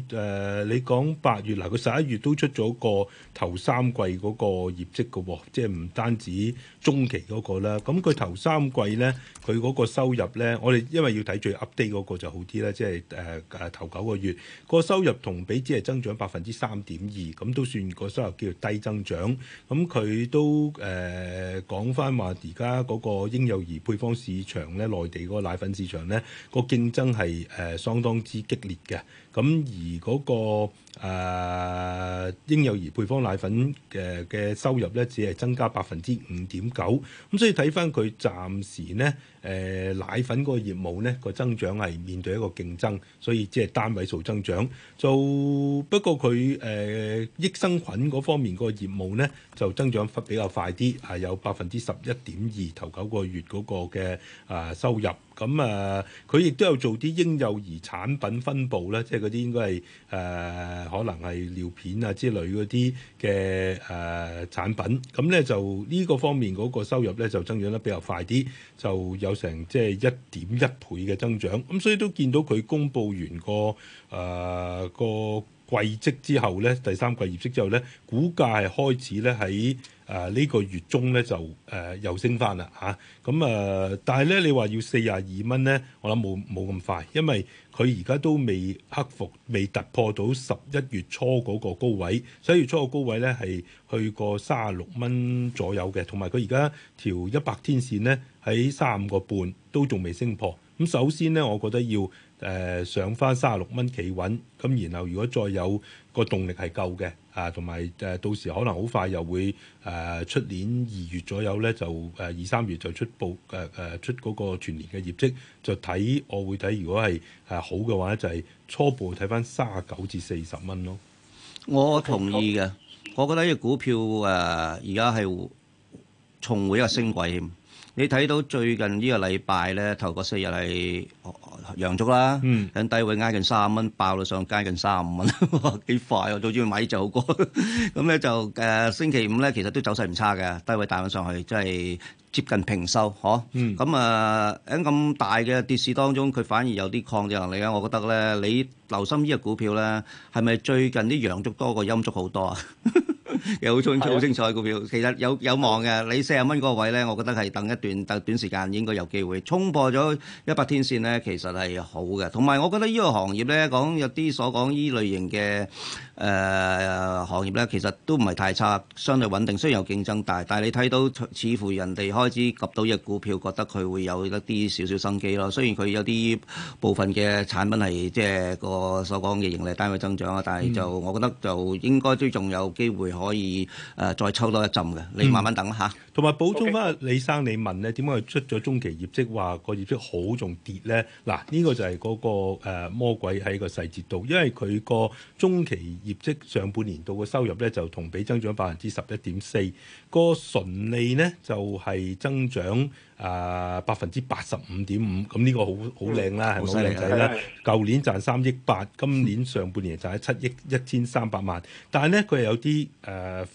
誒、呃、你講八月嗱，佢十一月都出咗個頭三季嗰個業績㗎喎，即係唔單止中期嗰、那個啦。咁佢頭三季咧，佢嗰個收入咧，我哋因為要睇最 update 嗰個就好啲咧，即係誒誒頭九個月、那個收入同比只係增長百分之三點二，咁都算個收入叫做低增長。咁佢都誒講翻話，而家嗰個嬰幼兒配方市場咧，內地嗰個奶粉市場。呢個競爭係誒、呃、相當之激烈嘅。咁而嗰、那個誒嬰幼兒配方奶粉嘅嘅、呃、收入咧，只係增加百分之五點九。咁、嗯、所以睇翻佢暫時咧誒、呃、奶粉嗰個業務咧個增長係面對一個競爭，所以即係單位數增長做不過，佢、呃、誒益生菌嗰方面個業務咧就增長比較快啲，係有百分之十一點二頭九個月嗰個嘅誒、呃、收入。咁、嗯、啊，佢亦都有做啲嬰幼兒產品分布咧，即係。嗰啲應該係誒、呃，可能係尿片啊之類嗰啲嘅誒產品，咁咧就呢個方面嗰個收入咧就增長得比較快啲，就有成即係一點一倍嘅增長，咁、嗯、所以都見到佢公佈完、呃、個誒個。季績之後呢，第三季業績之後呢，股價係開始呢，喺誒呢個月中呢，就、呃、誒又升翻啦嚇。咁啊，但係呢，你話要四十二蚊呢，我諗冇冇咁快，因為佢而家都未克服，未突破到十一月初嗰個高位。十一月初個高位呢，係去過三十六蚊左右嘅，同埋佢而家條一百天線呢，喺三十五個半都仲未升破。咁首先呢，我覺得要。誒、呃、上翻三十六蚊企穩，咁然後如果再有個動力係夠嘅啊，同埋誒到時可能好快又會誒出、呃、年二月左右咧，就誒二三月就出報誒誒出嗰個全年嘅業績，就睇我會睇如果係誒好嘅話，就係、是、初步睇翻三十九至四十蚊咯。我同意嘅，我覺得呢個股票誒而家係重回一個升軌。你睇到最近個禮呢個禮拜咧，頭個四日係陽燭啦，喺、嗯、低位挨近三啊蚊，爆到上街近三五蚊，幾快喎，啊！早知要買就好過，咁咧就誒、呃、星期五咧，其實都走勢唔差嘅，低位帶穩上去，即、就、係、是、接近平收，嗬。咁啊喺咁大嘅跌市當中，佢反而有啲抗跌能力啊！我覺得咧，你留心呢個股票咧，係咪最近啲陽燭多過陰燭好多啊？ <laughs> 有好清好清楚嘅股票，其實有有望嘅。你四十蚊嗰個位呢，我覺得係等一段短時間應該有機會衝破咗一百天線呢，其實係好嘅，同埋我覺得呢個行業呢，講有啲所講呢類型嘅、呃、行業呢，其實都唔係太差，相對穩定。雖然有競爭大，但係你睇到似乎人哋開始及到一隻股票，覺得佢會有一啲少少生機咯。雖然佢有啲部分嘅產品係即係個所講嘅盈利單位增長啊，但係就我覺得就應該都仲有機會可以。可以誒，再抽多一陣嘅，你慢慢等吓。同、嗯、埋補充翻，李生你問咧，點解佢出咗中期業績話個業績好仲跌咧？嗱，呢、這個就係嗰、那個、呃、魔鬼喺個細節度，因為佢個中期業績上半年度嘅收入咧就同比增長百分之十一點四，那個純利呢，就係、是、增長。啊，百分之八十五點五，咁呢個好好靚、嗯、啦，係咪？好靚仔啦。舊吧年賺三億八，今年上半年賺七億一千三百萬，但係咧佢係有啲誒、uh,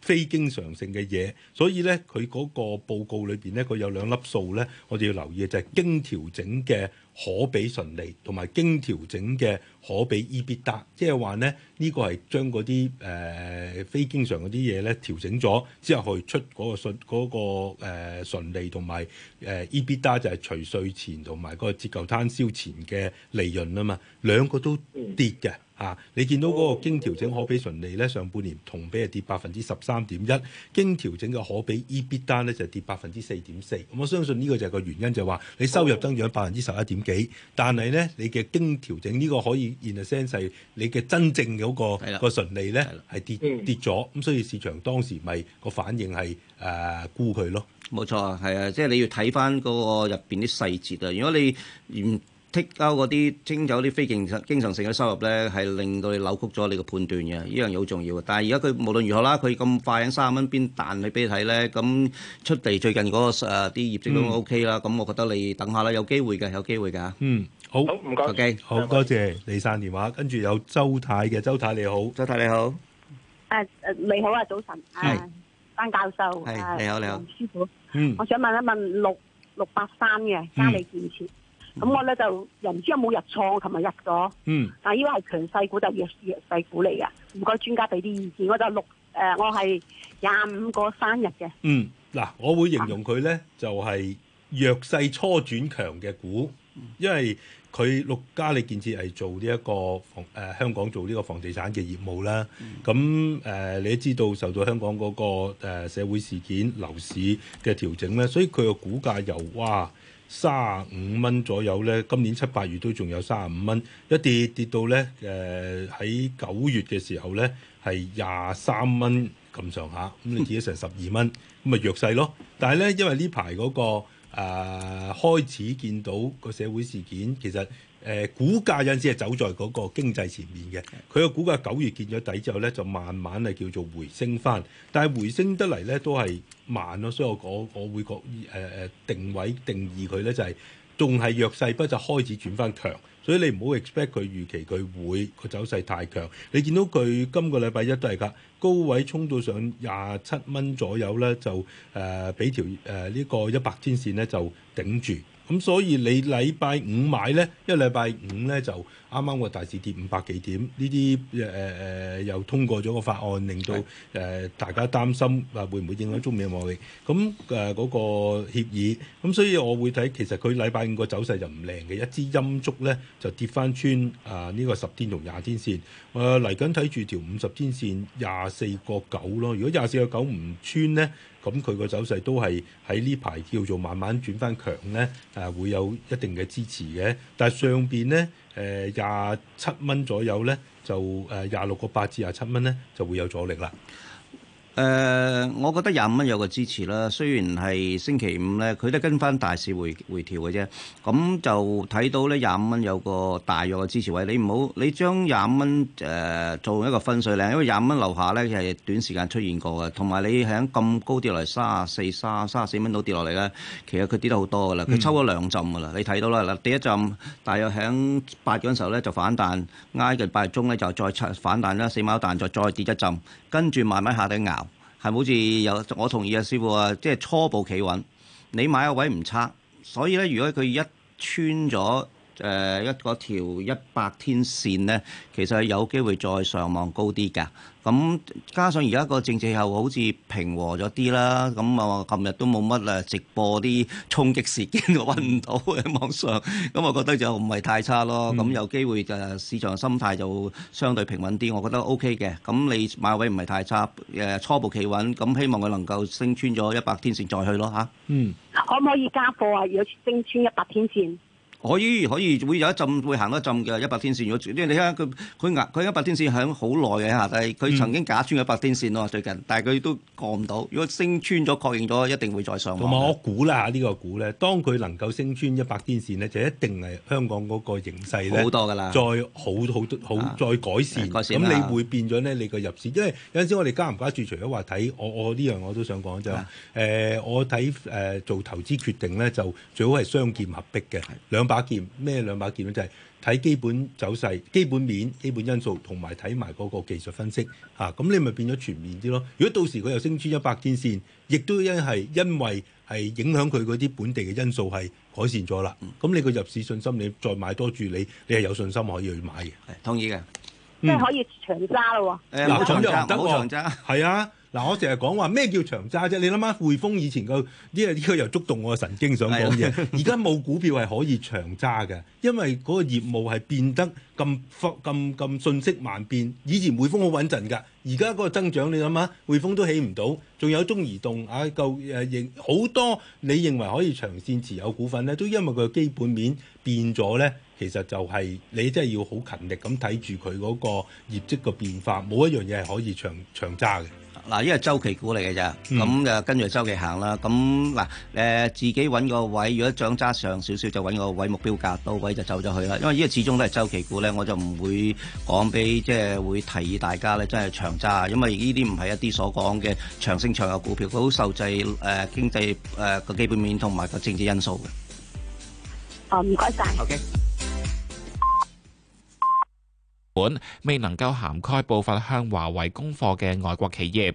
非經常性嘅嘢，所以咧佢嗰個報告裏邊咧佢有兩粒數咧，我哋要留意嘅就係、是、經調整嘅。可比純利同埋經調整嘅可比 EBITDA，即係話咧呢、呢個係將嗰啲誒非經常嗰啲嘢咧調整咗之後去出嗰個純嗰、呃、個純利同埋誒 EBITDA 就係除稅前同埋個折舊攤銷前嘅利潤啊嘛，兩個都跌嘅。嗯啊！你見到嗰個經調整可比純利咧，上半年同比係跌百分之十三點一，經調整嘅可比 EBITDA 咧就係、是、跌百分之四點四。我相信呢個就係個原因，就係、是、話你收入增長百分之十一點幾，但係咧你嘅經調整呢、這個可以然後 sent 細你嘅真正嘅、那、嗰個純的利咧係的跌跌咗，咁、嗯、所以市場當時咪、就是那個反應係誒、呃、沽佢咯。冇錯，係啊，即、就、係、是、你要睇翻嗰個入邊啲細節啊。如果你剔交嗰啲清走啲非經常經常性嘅收入咧，係令到你扭曲咗你嘅判斷嘅，呢樣嘢好重要嘅。但係而家佢無論如何啦，佢咁快喺三十蚊邊彈起俾你睇咧，咁出嚟最近嗰個誒啲業績都 OK 啦。咁我覺得你等下啦，有機會嘅，有機會㗎。嗯，好，唔該。OK，好多謝李生電話，跟住有周太嘅，周太你好，周太你好。誒誒，你好啊，早晨。係，班教授。係，你好你好。師傅，嗯，我想問一問六六八三嘅嘉里建設。咁我咧就又唔知有冇入錯，琴日入咗。嗯。但呢個係強勢股，就弱、是、弱勢股嚟嘅。唔該，專家俾啲意見，我就六誒、呃，我係廿五個生日嘅。嗯，嗱，我會形容佢咧就係、是、弱勢初轉強嘅股，因為佢六嘉里建設係做呢一個房誒、呃、香港做呢個房地產嘅業務啦。咁誒、嗯呃，你都知道受到香港嗰個社會事件、樓市嘅調整咧，所以佢個股價又哇～三十五蚊左右咧，今年七八月都仲有三十五蚊，一跌跌到咧，誒喺九月嘅時候咧係廿三蚊咁上下，咁你跌咗成十二蚊，咁咪弱勢咯。但係咧，因為呢排嗰個誒、呃、開始見到個社會事件，其實誒、呃、股價有陣時係走在嗰個經濟前面嘅，佢個股價九月見咗底之後咧，就慢慢係叫做回升翻，但係回升得嚟咧都係慢咯，所以我我我會覺誒、呃、定位定義佢咧就係仲係弱勢不就開始轉翻強，所以你唔好 expect 佢，預期佢會個走勢太強，你見到佢今個禮拜一都係㗎，高位衝到上廿七蚊左右咧，就誒俾、呃、條誒呢、呃呢個一百天線咧就頂住。咁、嗯、所以你禮拜五買咧，一禮拜五咧就啱啱個大市跌五百幾點，呢啲誒誒誒又通過咗個法案，令到誒、呃、大家擔心啊會唔會影響中美嘅貿易。咁誒嗰個協議，咁、嗯、所以我會睇其實佢禮拜五個走勢就唔靚嘅，一支陰燭咧就跌翻穿啊呢、呃呢個十天同廿天線，誒嚟緊睇住條五十天線廿四個九咯，如果廿四個九唔穿咧。咁佢個走勢都係喺呢排叫做慢慢轉翻強咧，誒、啊、會有一定嘅支持嘅。但係上邊咧，誒廿七蚊左右咧，就誒廿六個八至廿七蚊咧，就會有阻力啦。誒、呃，我覺得廿五蚊有個支持啦。雖然係星期五咧，佢都跟翻大市回回調嘅啫。咁就睇到咧，廿五蚊有個大約嘅支持位。你唔好，你將廿五蚊誒做一個分水嶺，因為廿五蚊樓下咧係短時間出現過嘅。同埋你響咁高跌落嚟，三啊四三三啊四蚊度跌落嚟咧，其實佢跌得好多噶啦，佢抽咗兩浸噶啦。嗯、你睇到啦嗱，第一浸大約響八月嗰時候咧就反彈，挨近八月中咧就再出反彈啦，死貓彈再再跌一浸，跟住慢慢下底熬。係咪好似有，我同意啊，師傅啊，即係初步企穩，你買個位唔差，所以咧，如果佢一穿咗。誒嗰條一百天線咧，其實係有機會再上望高啲噶。咁加上而家個政治又好似平和咗啲啦，咁、嗯、啊，琴日都冇乜誒直播啲衝擊事件揾唔到喺網上，咁、嗯嗯、我覺得就唔係太差咯。咁、嗯嗯、有機會就市場心態就相對平穩啲，我覺得 OK 嘅。咁、嗯、你買位唔係太差，誒初步企穩，咁希望佢能夠升穿咗一百天線再去咯嚇。啊、嗯，可唔可以加貨啊？如果升穿一百天線？可以可以會有一陣會行一陣嘅一百天線。如果因為你睇下佢佢佢一百天線響好耐嘅，但係佢曾經假穿嘅一百天線咯。最近，但係佢都過唔到。如果升穿咗確認咗，一定會再上。咁我估啦吓呢個股咧，當佢能夠升穿一百天線咧，就一定係香港嗰個形勢好多㗎啦，再好好多好的再改善。改善。咁你會變咗咧？你個入市，因為有陣時我哋加唔加注，除咗話睇我我呢樣我都想講就誒，我睇誒、呃、做投資決定咧，就最好係雙劍合璧嘅兩百。的兩把劍咩兩把劍咯，就係、是、睇基本走勢、基本面、基本因素，同埋睇埋嗰個技術分析。吓、啊，咁你咪變咗全面啲咯。如果到時佢又升穿一百天線，亦都因係因為係影響佢嗰啲本地嘅因素係改善咗啦。咁你個入市信心，你再買多住你，你係有信心可以去買嘅。係同意嘅，即係、嗯、可以長揸咯。誒、嗯、嗱、欸，咁又唔得喎，係啊。嗱、啊，我成日講話咩叫長揸啫？你諗下，匯豐以前、這個呢、這個又觸動我嘅神經想，想講嘢。而家冇股票係可以長揸嘅，因為嗰個業務係變得咁忽咁咁瞬息萬變。以前匯豐好穩陣㗎，而家嗰個增長你諗下，匯豐都起唔到，仲有中移動啊，夠誒認好多你認為可以長線持有股份咧，都因為佢嘅基本面變咗咧，其實就係你真係要好勤力咁睇住佢嗰個業績個變化，冇一樣嘢係可以長長揸嘅。嗱，呢個係週期股嚟嘅咋，咁、嗯、就跟住週期行啦。咁嗱，誒自己揾個位，如果掌揸上少，少少，就揾個位目標價到位就走咗去啦。因為呢個始終都係週期股咧，我就唔會講俾即係會提議大家咧，真係長揸，因為呢啲唔係一啲所講嘅長升長有股票，佢好受制誒、呃、經濟誒個基本面同埋個政治因素嘅。哦、嗯，唔該晒，OK。.本未能夠涵蓋部分向華為供貨嘅外國企業。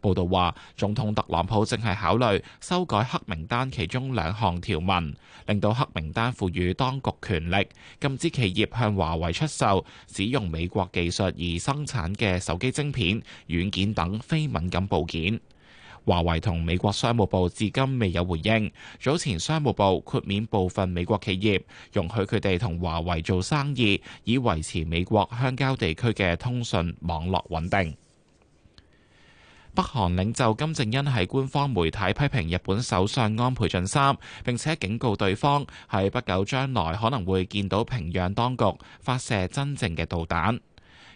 報道話，總統特朗普正係考慮修改黑名單其中兩項條文，令到黑名單賦予當局權力，禁止企業向華為出售使用美國技術而生產嘅手機晶片、軟件等非敏感部件。華為同美國商務部至今未有回應。早前商務部豁免部分美國企業，容許佢哋同華為做生意，以維持美國鄉郊地區嘅通訊網絡穩定。北韓領袖金正恩喺官方媒體批評日本首相安倍晉三，並且警告對方喺不久將來可能會見到平壤當局發射真正嘅導彈。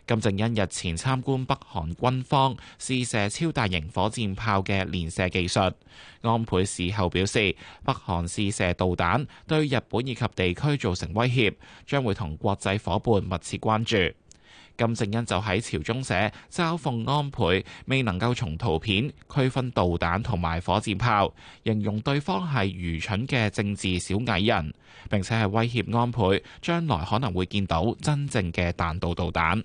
金正恩日前參觀北韓軍方試射超大型火箭炮嘅連射技術，安倍事後表示，北韓試射導彈對日本以及地區造成威脅，將會同國際伙伴密切關注。金正恩就喺朝中社嘲諷安倍未能夠從圖片區分導彈同埋火箭炮，形容對方係愚蠢嘅政治小矮人，並且係威脅安倍將來可能會見到真正嘅彈道導彈。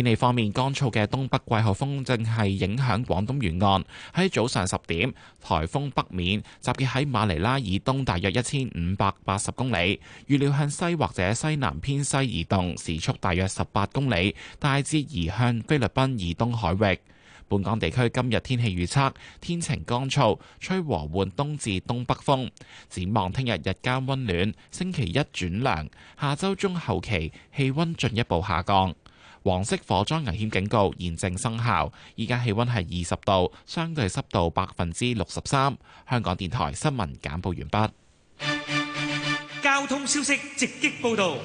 天氣方面，乾燥嘅東北季候風正係影響廣東沿岸。喺早上十點，台風北面集結喺馬尼拉以東大約一千五百八十公里，預料向西或者西南偏西移動，時速大約十八公里，大致移向菲律賓以東海域。本港地區今日天氣預測天晴乾燥，吹和緩東至東北風。展望聽日日間溫暖，星期一轉涼，下周中後期氣溫進一步下降。黃色火災危險警告現正生效。依家氣温係二十度，相對濕度百分之六十三。香港電台新聞簡報完畢。交通消息直擊報導。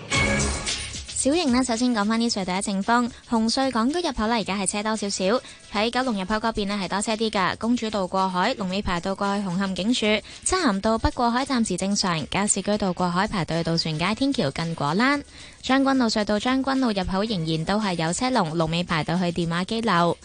小型呢，首先講翻呢隧道嘅情況。紅隧港島入口呢，而家係車多少少。喺九龍入口嗰邊咧，係多車啲㗎。公主道過海，龍尾排到過去紅磡警署。漆咸道北過海暫時正常。加士居道過海排隊到，到渡船街天橋近果欄。將軍路隧道，將軍路入口仍然都係有車龍，龍尾排到去電話機樓。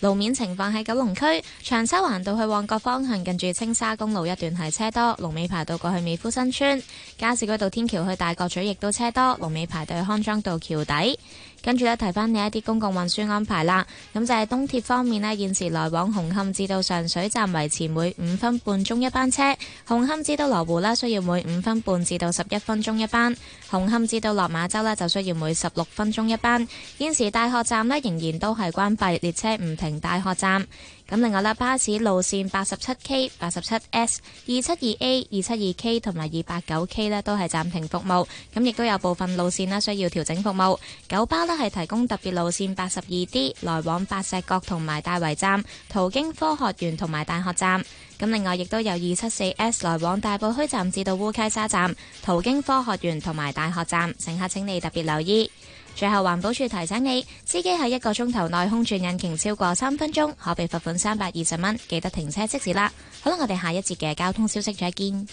路面情況喺九龍區長沙環道去旺角方向，近住青沙公路一段係車多，龍尾排到過去美孚新村。加士居道天橋去大角咀亦都車多，龍尾排到去康莊道橋底。跟住咧，提翻你一啲公共運輸安排啦。咁就係東鐵方面呢，現時來往紅磡至到上水站維持每五分半鐘一班車，紅磡至到羅湖啦，需要每五分半至到十一分鐘一班，紅磡至到落馬洲呢，就需要每十六分鐘一班。現時大學站呢，仍然都係關閉，列車唔停大學站。咁另外啦，巴士路線八十七 k 八十七 s 二七二 a 二七二 k 同埋二八九 k 呢都係暫停服務，咁亦都有部分路線咧需要調整服務。九巴呢係提供特別路線八十二 d 來往白石角同埋大圍站，途經科學園同埋大學站。咁另外亦都有二七四 s 來往大埔墟站至到烏溪沙站，途經科學園同埋大學站，乘客請你特別留意。最後，環保署提醒你，司機喺一個鐘頭內空轉引擎超過三分鐘，可被罰款三百二十蚊。記得停車熄匙啦！好啦，我哋下一節嘅交通消息再見。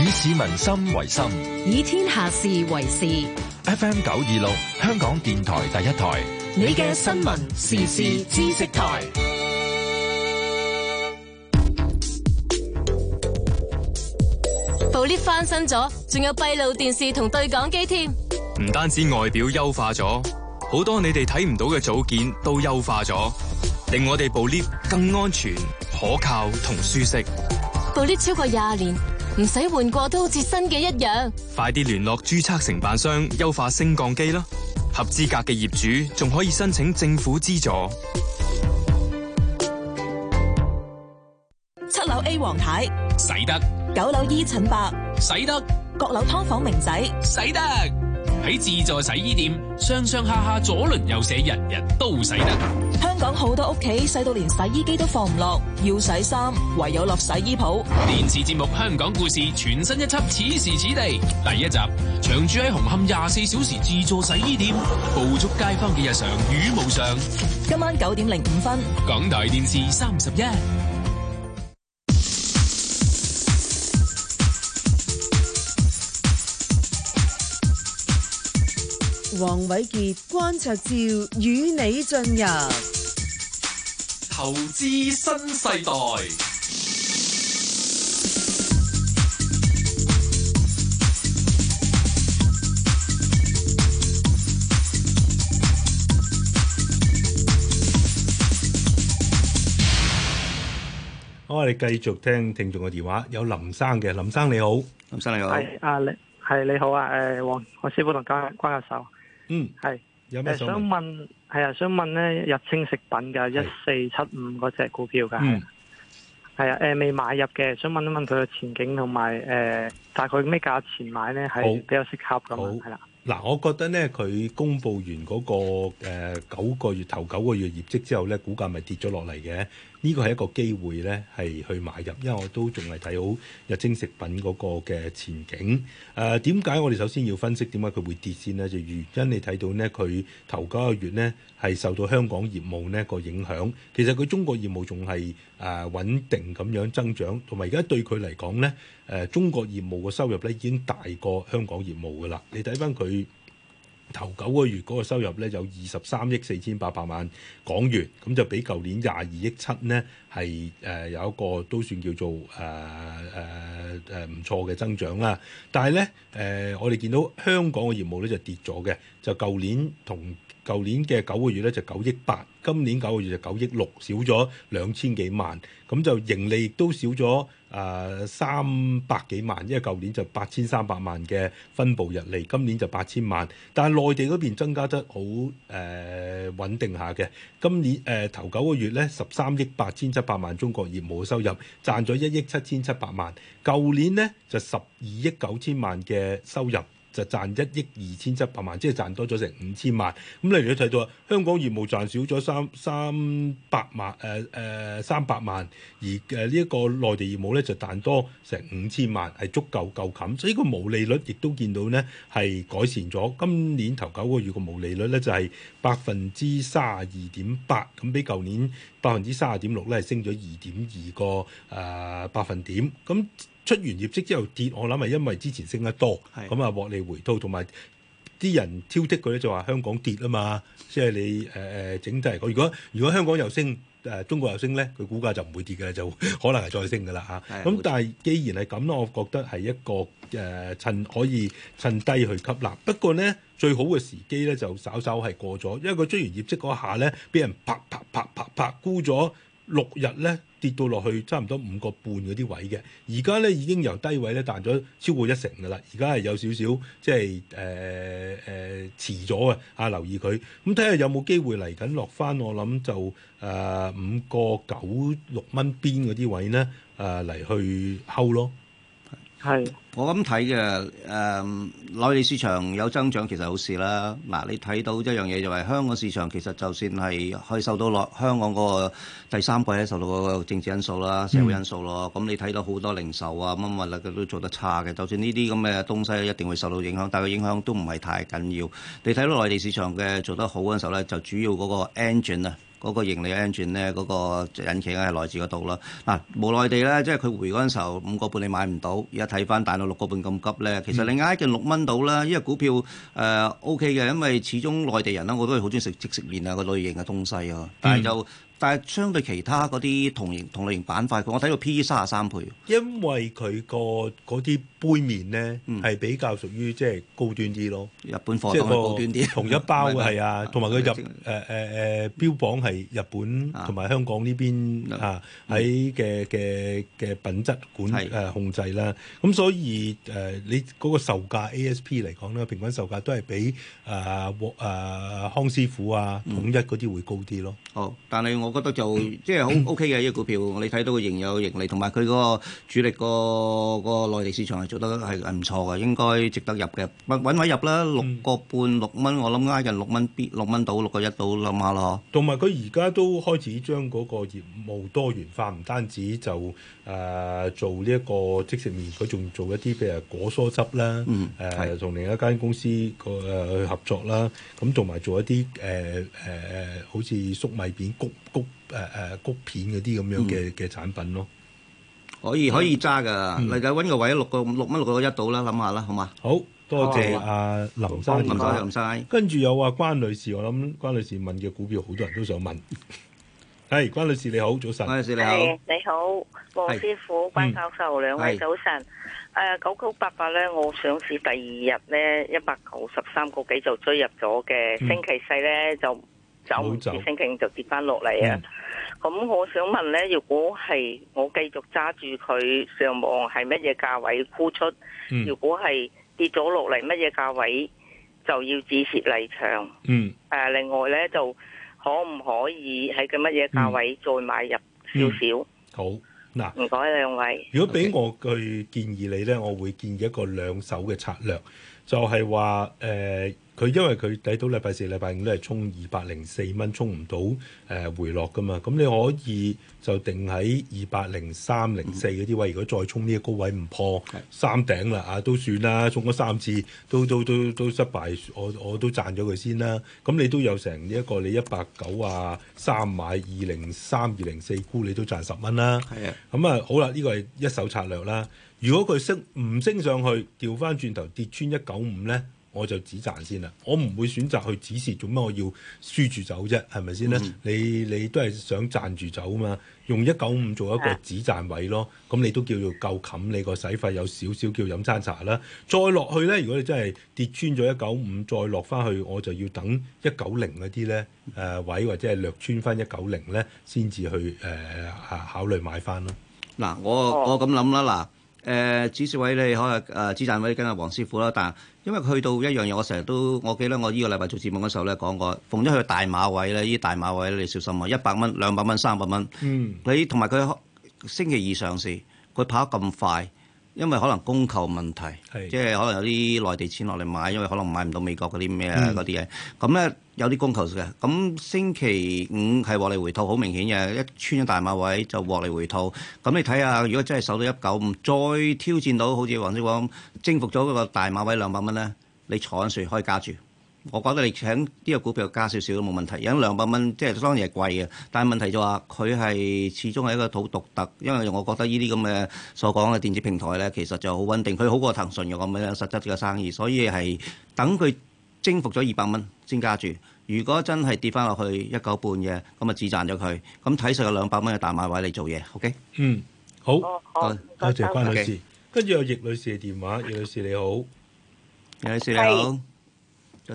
以市民心為心，以天下事為事。FM 九二六，香港電台第一台。你嘅新聞時事知識台。部 lift 翻新咗，仲有閉路電視同對講機添。唔單止外表優化咗，好多你哋睇唔到嘅組件都優化咗，令我哋部 lift 更安全、可靠同舒適。部 lift 超過廿年，唔使換過都好似新嘅一樣。快啲聯絡註冊承辦商優化升降機啦！合資格嘅業主仲可以申請政府資助。七樓 A 王太，使得；九樓 E 陳伯，使得；閣樓湯房明仔，使得。喺自助洗衣店，上上下下左輪右寫，人人都洗得。香港好多屋企細到連洗衣機都放唔落，要洗衫唯有落洗衣鋪。電視節目《香港故事》全新一輯《此時此地》第一集，長住喺紅磡廿四小時自助洗衣店，捕捉街坊嘅日常與無常。今晚九點零五分，港台電視三十一。黃瑋傑關焯照與你進入投資新世代。好，我哋繼續聽聽眾嘅電話，有林生嘅，林生你好，林生你好，係啊，係你好啊，誒，黃黃師傅同關關教授。嗯，係是，有咩想問？誒，想問係啊，想問咧，日清食品嘅一四七五嗰隻股票嘅，係啊，誒、嗯啊，未買入嘅，想問一問佢嘅前景同埋誒，大概咩價錢買咧？係好比較適合咁係啦。嗱好、啊，我覺得咧，佢公布完嗰，那個誒、呃、九個月頭九個月業績之後咧，股價咪跌咗落嚟嘅。呢個係一個機會咧，係去買入，因為我都仲係睇好日清食品嗰個嘅前景。誒，點解我哋首先要分析點解佢會跌先咧？就原因你睇到咧，佢頭九個月咧係受到香港業務呢個影響。其實佢中國業務仲係誒穩定咁樣增長，同埋而家對佢嚟講咧，誒中國業務個收入咧已經大過香港業務㗎啦。你睇翻佢。頭九個月嗰個收入咧有二十三億四千八百萬港元，咁就比舊年廿二億七咧係誒有一個都算叫做誒誒誒唔錯嘅增長啦。但係咧誒，我哋見到香港嘅業務咧就跌咗嘅，就舊年同舊年嘅九個月咧就九億八，今年九個月就九億六，少咗兩千幾萬，咁就盈利亦都少咗。誒、呃、三百幾萬，因為舊年就八千三百萬嘅分佈入嚟，今年就八千萬，但係內地嗰邊增加得好誒穩定下嘅。今年誒、呃、頭九個月咧十三億八千七百萬中國業務嘅收入，賺咗一億七千七百萬，舊年咧就十二億九千萬嘅收入，就賺一億二千七百萬，即係賺多咗成五千萬。咁你哋都睇到啊，香港業務賺少咗三三百萬，誒誒三百萬，300, 000, 而誒、呃這個、呢一個內地業務咧就賺多成五千萬，係足夠夠冚。所以個毛利率亦都見到咧係改善咗。今年頭九個月個毛利率咧就係百分之三十二點八，咁比舊年百分之三十二點六咧係升咗二點二個誒、呃、百分點。咁出完業績之後跌，我諗係因為之前升得多，咁啊獲利回吐，同埋啲人挑剔佢咧就話香港跌啊嘛，即係你誒誒整體嚟講，如果如果香港又升誒中國又升咧，佢股價就唔會跌嘅，就可能係再升嘅啦嚇。咁但係既然係咁啦，我覺得係一個誒趁可以趁低去吸納啦。不過咧最好嘅時機咧就稍稍係過咗，因為佢出完業績嗰下咧俾人啪啪啪啪啪沽咗六日咧。跌到落去差唔多五個半嗰啲位嘅，而家咧已經由低位咧彈咗超過一成㗎啦，而家係有少少即係誒誒遲咗啊，啊留意佢，咁睇下有冇機會嚟緊落返，我諗就誒、呃、五個九六蚊邊嗰啲位咧誒嚟去溝咯。係，我咁睇嘅誒內地市場有增長，其實好事啦。嗱，你睇到一樣嘢就係、是、香港市場其實就算係可以受到內香港嗰個第三季咧受到個政治因素啦、社會因素咯，咁、嗯嗯、你睇到好多零售啊乜物啦，佢都做得差嘅。就算呢啲咁嘅東西一定會受到影響，但係影響都唔係太緊要。你睇到內地市場嘅做得好嘅時候咧，就主要嗰個 engine 啊。嗰個盈利嘅引擎呢，嗰、那個引擎咧係來自嗰度咯。嗱、啊，冇內地咧，即係佢回嗰陣時候五個半你買唔到，而家睇翻大到六個半咁急咧，其實你挨件六蚊到啦，因為股票誒、呃、OK 嘅，因為始終內地人啦，我都係好中意食即食麵啊個類型嘅東西啊，但係就。嗯但係相對其他嗰啲同型同類型板塊，我睇到 P/E 三十三倍。因為佢個嗰啲杯麵咧係比較屬於即係高端啲咯，日本貨即係高端啲。同一包係啊，同埋佢入誒誒誒標榜係日本同埋香港呢邊啊，喺嘅嘅嘅品質管誒控制啦。咁所以誒你嗰個售價 A/S/P 嚟講咧，平均售價都係比誒沃康師傅啊、統一嗰啲會高啲咯。好，但係我。我覺得就即係好 OK 嘅呢、這個股票，我哋睇到佢仍有盈利，同埋佢嗰個主力個、那個內地市場係做得係唔錯嘅，應該值得入嘅。咪揾位入啦，六個半六蚊，我諗啱就六蚊 B 六蚊到六個一到諗下咯。同埋佢而家都開始將嗰個業務多元化，唔單止就誒、呃、做呢一個即食麪，佢仲做一啲譬如果蔬汁啦，誒同另一間公司個、呃、去合作啦，咁同埋做一啲誒誒誒，好似粟米扁谷。誒誒谷片嗰啲咁樣嘅嘅產品咯，可以可以揸噶，嚟緊搵個位六個六蚊六個一度啦，諗下啦，好嘛？好，多謝阿林生。唔該，林生。跟住有阿關女士，我諗關女士問嘅股票，好多人都想問。係，關女士你好，早晨。關女士你好，你好黃師傅，關教授，兩位早晨。誒，九九八八咧，我上市第二日咧一百九十三個幾就追入咗嘅，星期四咧就。走唔住，升勁就跌翻落嚟啊！咁我想問咧，如果係我繼續揸住佢上望，係乜嘢價位沽出？如果係跌咗落嚟，乜嘢價位就要止蝕離場？嗯，誒，另外咧就可唔可以喺個乜嘢價位再買入少少？好，嗱，唔該兩位。如果俾我去建議你咧，我會建議一個兩手嘅策略，就係話誒。佢因為佢抵到禮拜四、禮拜五都係衝二百零四蚊，衝唔到誒回落噶嘛，咁你可以就定喺二百零三、零四嗰啲位。如果再衝呢個高位唔破三頂啦，啊都算啦，衝咗三次都都都都失敗，我我都賺咗佢先啦。咁你都有成呢一個你一百九啊三買二零三、二零四沽，你都賺十蚊啦。係啊的，咁啊好啦，呢個係一手策略啦。如果佢升唔升上去，調翻轉頭跌穿一九五咧？我就止賺先啦，我唔會選擇去止蝕，做乜我要輸住走啫？係咪先咧？你你都係想賺住走嘛？用一九五做一個止賺位咯，咁你都叫做夠冚你個使費，有少少叫飲餐茶啦。再落去咧，如果你真係跌穿咗一九五，再落翻去，我就要等一九零嗰啲咧，誒、呃、位或者係略穿翻一九零咧，先至去誒、呃、考慮買翻咯。嗱、啊，我我咁諗啦，嗱、啊。誒，指示位你可能誒指贊位跟阿黃師傅啦，但因為佢去到一樣嘢，我成日都我記得我呢個禮拜做節目嗰時候咧講過，逢咗去大馬位咧，呢啲大馬位你小心啊！一百蚊、兩百蚊、三百蚊，你同埋佢星期二上市，佢跑得咁快。因為可能供求問題，的即係可能有啲內地錢落嚟買，因為可能買唔到美國嗰啲咩嗰啲嘢，咁呢、嗯，有啲供求嘅。咁星期五係獲利回吐，好明顯嘅，一穿咗大馬位就獲利回吐。咁你睇下，如果真係守到一九五，再挑戰到好似黃叔講咁，征服咗嗰個大馬位兩百蚊呢，你坐穩船可以加注。我覺得你請呢個股票加少少都冇問題，有兩百蚊，即係當然係貴嘅。但係問題就話佢係始終係一個好獨特，因為我覺得呢啲咁嘅所講嘅電子平台呢，其實就好穩定，佢好過騰訊嘅咁樣實質嘅生意。所以係等佢征服咗二百蚊先加住。如果真係跌翻落去一九半嘅，咁啊自賺咗佢。咁睇實有兩百蚊嘅大買位嚟做嘢。OK，嗯，好，多謝關女士 OK.。跟住有易女士嘅電話，易女士你好，易女士你好。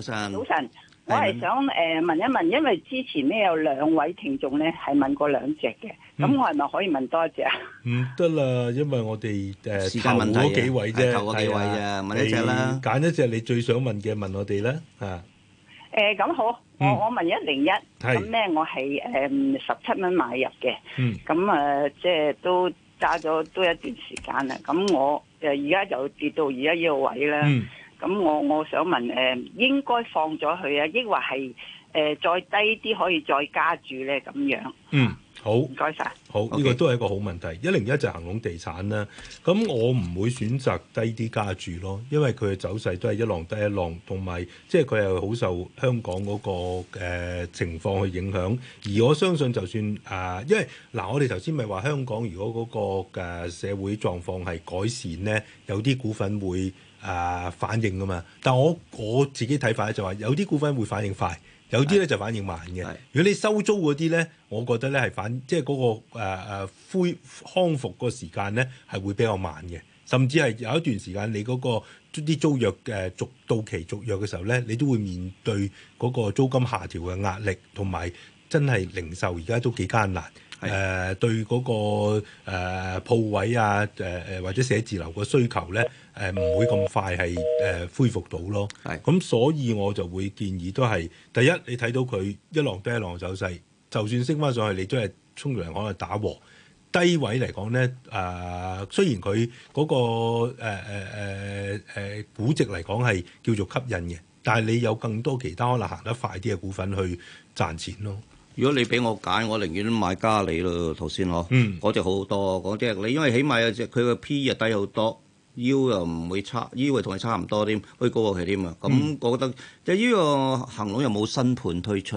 早晨，早晨，我係想誒、呃、問一問，因為之前咧有兩位聽眾咧係問過兩隻嘅。咁、嗯、我係咪可以問多一隻啊？唔得啦，因為我哋誒試下問多幾位啫，求我幾位啊，問一隻啦，揀、欸、一隻你最想問嘅問我哋啦，吓、啊。誒、嗯，咁、呃、好，我我問一零一，咁咧，我係誒十七蚊買入嘅，咁啊、嗯呃，即係都揸咗都一段時間啦。咁我誒而家就跌到而家呢個位啦。嗯咁我我想問，誒，應該放咗佢啊，抑或係誒再低啲可以再加注咧？咁樣。嗯，好，唔該晒。好，呢個都係一個好問題。一零一就係恒隆地產啦。咁我唔會選擇低啲加注咯，因為佢嘅走勢都係一浪低一浪，同埋即係佢係好受香港嗰個誒情況去影響。而我相信，就算誒，因為嗱，我哋頭先咪話香港，如果嗰個誒社會狀況係改善咧，有啲股份會。誒、呃、反應㗎嘛？但係我我自己睇法咧，就話有啲股份會反應快，有啲咧就反應慢嘅。是的 如果你收租嗰啲咧，我覺得咧係反即係嗰、嗰個誒恢、呃、康復個時間咧係會比較慢嘅，甚至係有一段時間你嗰、嗰個啲租約嘅續到期續約嘅時候咧，你都會面對嗰個租金下調嘅壓力，同埋真係零售而家都幾艱難。誒、呃、對嗰、那個誒鋪、呃、位啊，誒、呃、誒或者寫字樓個需求咧，誒、呃、唔會咁快係誒、呃、恢復到咯。咁是，所以我就會建議都係第一，你睇到佢一浪低一,一浪走勢，就算升翻上去，你都係衝入嚟可能打和低位嚟講咧。啊、呃，雖然佢嗰、那個誒誒誒估值嚟講係叫做吸引嘅，但係你有更多其他可能行得快啲嘅股份去賺錢咯。如果你俾我揀，我寧願買嘉里咯，頭先嗬，嗰、嗯、隻好好多，嗰隻你，因為起碼有隻佢個 P/E 又低好多，U 又唔會差，U 會同佢差唔多添，可以高過佢添嘛。咁、嗯嗯、我覺得就呢個行龍又冇新盤推出。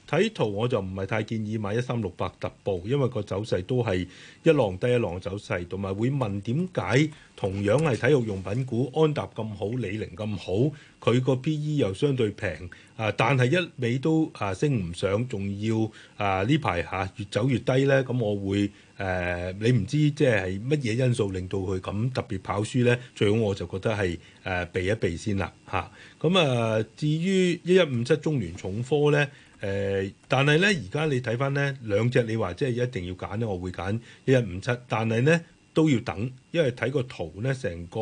睇圖我就唔係太建議買一三六八特步，因為個走勢都係一浪低一浪走勢，同埋會問點解同樣係體育用品股安踏咁好，李寧咁好，佢個 P/E 又相對平啊，但係一味都啊升唔上，仲要啊呢排嚇越走越低咧。咁我會誒、啊、你唔知即係係乜嘢因素令到佢咁特別跑輸咧？最好我就覺得係誒、啊、避一避先啦嚇。咁啊，至於一一五七中聯重科咧。誒、呃，但係咧，而家你睇翻咧，兩隻你話即係一定要揀咧，我會揀一日五七，7，但係咧都要等，因為睇個圖咧，成個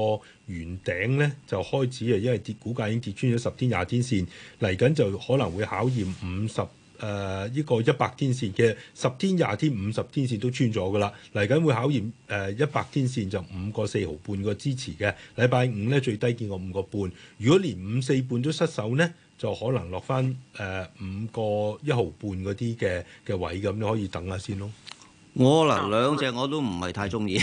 圓頂咧就開始啊，因為跌股價已經跌穿咗十天廿天線，嚟緊就可能會考驗五十誒呢個一百天線嘅十天廿天五十天線都穿咗噶啦，嚟緊會考驗誒一百天線就五個四毫半個支持嘅，禮拜五咧最低見過五個半，如果連五四半都失手咧～就可能落翻誒、呃、五個一毫半嗰啲嘅嘅位咁，你可以等下先咯。我嗱兩隻我都唔係太中意。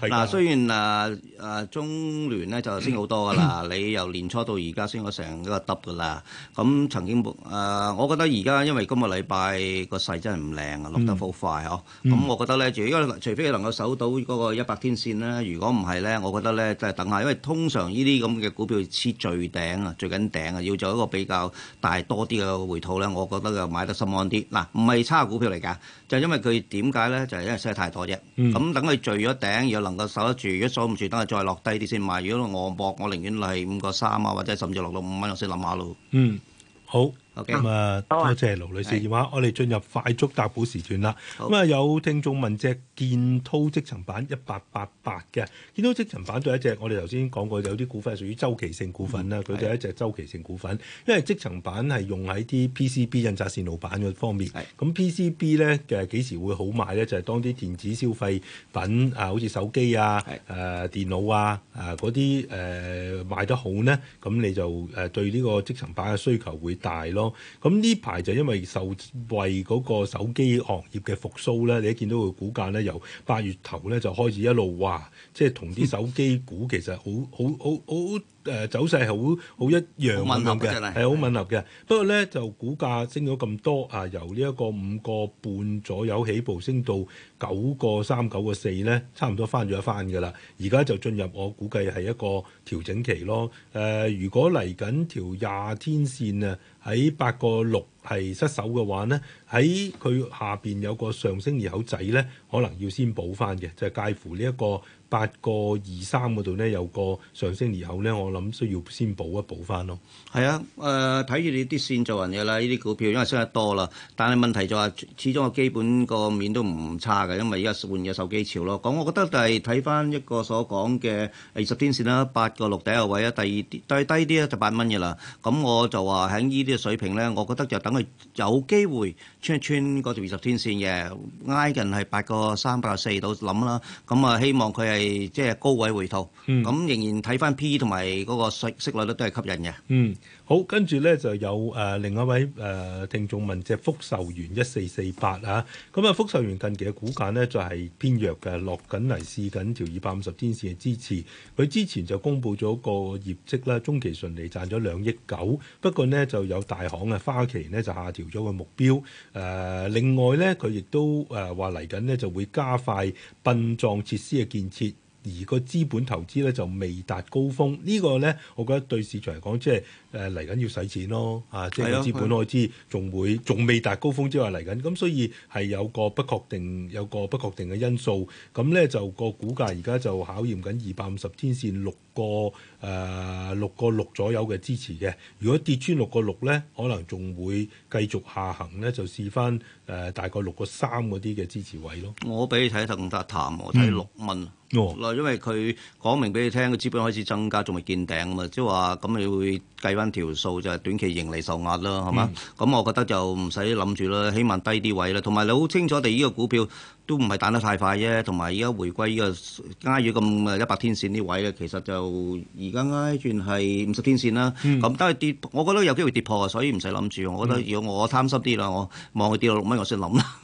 嗱 <laughs> 啦，的雖然啊啊中聯咧就升好多噶啦， <coughs> 你由年初到而家升咗成一個 double 啦。咁曾經誒、呃，我覺得而家因為今個禮拜個勢真係唔靚啊， <coughs> 落得好快呵。咁 <coughs> 我覺得咧，主要因為除非你能夠守到嗰個一百天線咧，如果唔係咧，我覺得咧就係、是、等下。因為通常呢啲咁嘅股票黐最頂啊，最緊頂啊，要做一個比較大多啲嘅回吐咧，我覺得又買得心安啲。嗱，唔係差股票嚟㗎。就因為佢點解咧？就係因為升得太多啫。咁等佢聚咗頂，如果能夠守得住，如果守唔住，等佢再落低啲先賣。如果我搏，我寧願係五個三啊，或者甚至落到五蚊，我先諗下咯。嗯，好。咁啊 Okay.、嗯，多謝盧女士。而家是我哋進入快速答補時段啦。咁啊好、嗯，有聽眾問隻建滔積層板一八八八，嘅建滔積層板都係一隻，一隻我哋頭先講過有啲股份係屬於周期性股份啦。佢、嗯、就一隻周期性股份，因為積層板係用喺啲 PCB 印刷線路板嗰方面。咁 PCB 咧嘅幾時會好賣咧？就係、是、當啲電子消費品啊，好似手機啊、誒是、啊、電腦啊、誒嗰啲誒賣得好呢，咁你就誒對呢個積層板嘅需求會大咯。咁呢排就因為受惠嗰個手機行業嘅復甦咧，你一見到個股價咧，由八月頭咧就開始一路哇，即係同啲手機股其實好好好好。好好誒走勢係好好一樣嘅，係好吻合嘅。合的不過咧，就股價升咗咁多啊，由呢一個五個半左右起步，升到九個三九個四咧，差唔多翻咗一翻㗎喇。而家就進入我估計係一個調整期咯。誒、呃，如果嚟緊條廿天線啊，喺八個六係失守嘅話咧，喺佢下邊有個上升二口仔咧，可能要先補翻嘅，就係、是、介乎呢、這、一個。八個二三嗰度咧，有個上升，然後咧，我諗需要先補一補翻咯。係啊，誒睇住你啲線做人嘢啦，呢啲股票因為升得多啦。但係問題就係、是、始終個基本個面都唔差嘅，因為依家換嘅手機潮咯。咁我覺得就係睇翻一個所講嘅二十天線啦，八個六底下位啊，第二低低啲咧就八蚊嘅啦。咁我就話喺呢啲嘅水平咧，我覺得就等、是、佢有機會，穿一穿條二十天線嘅挨近係八個三百四度，諗啦，咁啊希望佢係即係高位回吐，咁、嗯、仍然睇翻 P 同埋嗰個息息率都都係吸引嘅。嗯。好，跟住咧就有誒、呃、另一位誒、呃、聽眾問隻福壽園一四四八啊，咁啊福壽園近期嘅股價呢，就係、是、偏弱嘅，落緊嚟試緊條二百五十天線嘅支持。佢之前就公布咗個業績啦，中期順利賺咗兩億九，不過呢，就有大行嘅花旗呢，就下調咗個目標。誒、呃、另外呢，佢亦都誒話嚟緊呢，就會加快殯葬設施嘅建設。而個資本投資咧就未達高峰，這個、呢個咧我覺得對市場嚟講，即係誒嚟緊要使錢咯。啊，即係資本開支仲會仲未達高峰之外嚟緊，咁、嗯、所以係有個不確定，有個不確定嘅因素。咁咧就個股價而家就考驗緊二百五十天線六個誒六個六左右嘅支持嘅。如果跌穿六個六咧，可能仲會繼續下行咧，就試翻誒、呃、大概六個三嗰啲嘅支持位咯。我俾你睇得唔得談？我睇六蚊。嗯嗱，oh。因為佢講明俾你聽，個資本開始增加，仲未見頂啊嘛，即係話咁你會計翻條數，就係、是、短期盈利受壓啦，係嘛？咁、mm。我覺得就唔使諗住啦，起碼低啲位啦。同埋你好清楚地呢個股票。都唔係彈得太快啫，同埋而家回歸呢個加宇咁誒一百天線呢位咧，其實就而家佳宇算係五十天線啦、啊。咁、嗯、但係跌，我覺得有機會跌破啊，所以唔使諗住。我覺得如果我貪心啲啦，我望佢跌到六蚊，我先諗啦。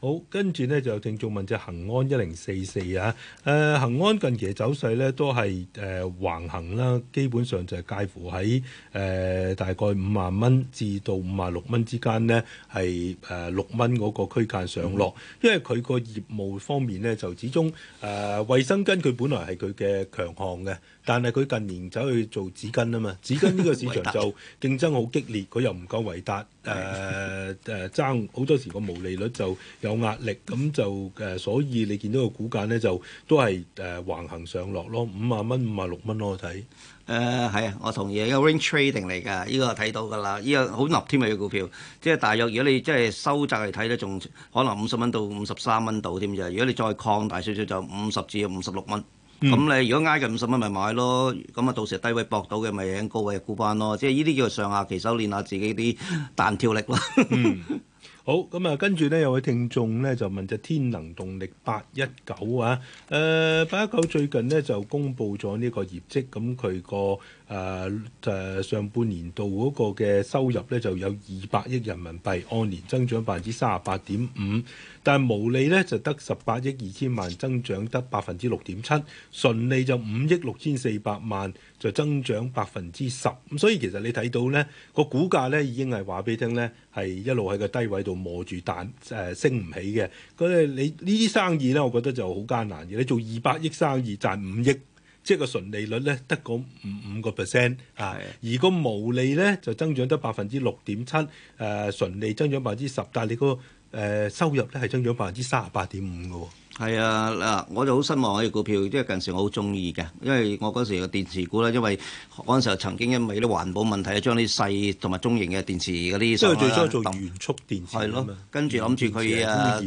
好，跟住呢就聽眾問隻恒安一零四四啊，誒、呃、恆安近期嘅走勢咧都係誒、呃、橫行啦，基本上就係介乎喺誒、呃、大概五萬蚊至到五萬六蚊之間呢，係誒六蚊嗰個區間上落，嗯、因為佢。個業務方面咧，就始終誒、呃、衛生巾佢本來係佢嘅強項嘅，但係佢近年走去做紙巾啊嘛，紙巾呢個市場就競爭好激烈，佢又唔夠維達誒誒、呃呃、爭，好多時個毛利率就有壓力，咁就誒、呃、所以你見到個股價咧就都係誒、呃、橫行上落咯，五萬蚊、五萬六蚊咯睇。我誒係啊，我同意，因為 range trading 嚟㗎，呢、這個睇到㗎啦，呢、這個好立添嘅啲股票，即係大約如果你即係收窄嚟睇咧，仲可能五十蚊到五十三蚊度添嘅，如果你再擴大少少就五十至五十六蚊。咁你、嗯、如果挨近五十蚊咪買咯，咁啊到時低位搏到嘅咪喺高位沽翻咯，即係呢啲叫上下期鍛鍊下自己啲彈跳力咯。嗯 <laughs> 好，咁啊，跟住呢，有位聽眾呢就問隻天能動力八一九啊，誒八一九最近呢就公布咗呢個業績，咁、嗯、佢個誒誒、呃、上半年度嗰個嘅收入呢，就有二百億人民幣，按年增長百分之三十八點五，但係毛利呢，就得十八億二千萬，增長得百分之六點七，純利就五億六千四百萬。就增長百分之十，咁所以其實你睇到咧個股價咧已經係話俾你聽咧係一路喺個低位度磨住彈誒升唔起嘅。咁你呢啲生意咧，我覺得就好艱難嘅。你做二百億生意賺五億，即係個純利率咧得個五五個 percent 啊，是的 而個毛利咧就增長得百分之六點七，誒、呃、純利增長百分之十，但係你個誒、呃、收入咧係增長百分之三十八點五嘅。係啊，嗱，我就好失望啊！我哋股票，因為近時我好中意嘅，因為我嗰時個電池股啦，因為嗰陣時候曾經因為啲環保問題啊，將啲細同埋中型嘅電池嗰啲所有啦做原速電池啊嘛，跟住諗住佢啊，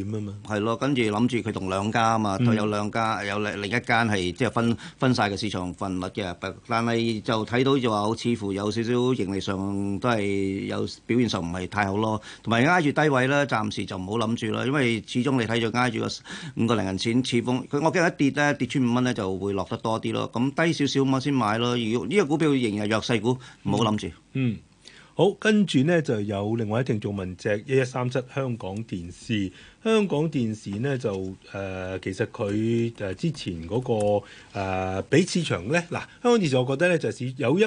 係咯，跟住諗住佢同兩家啊嘛，佢有兩家，有另另一間係即係分分曬嘅市場份額嘅，但係就睇到就話，似乎有少少盈利上都係有表現上唔係太好咯，同埋挨住低位啦，暫時就唔好諗住啦，因為始終你睇住挨住個五個。零錢刺風，佢我驚一跌咧，跌穿五蚊咧就會落得多啲咯。咁低少少我先買咯。如果呢個股票仍然係弱勢股，唔好諗住。嗯，好，跟住呢就有另外一位聽眾問隻一一三七香港電視，香港電視呢就誒、呃、其實佢誒之前嗰、嗰個誒、呃、畀市場咧，嗱香港電視我覺得咧就是有一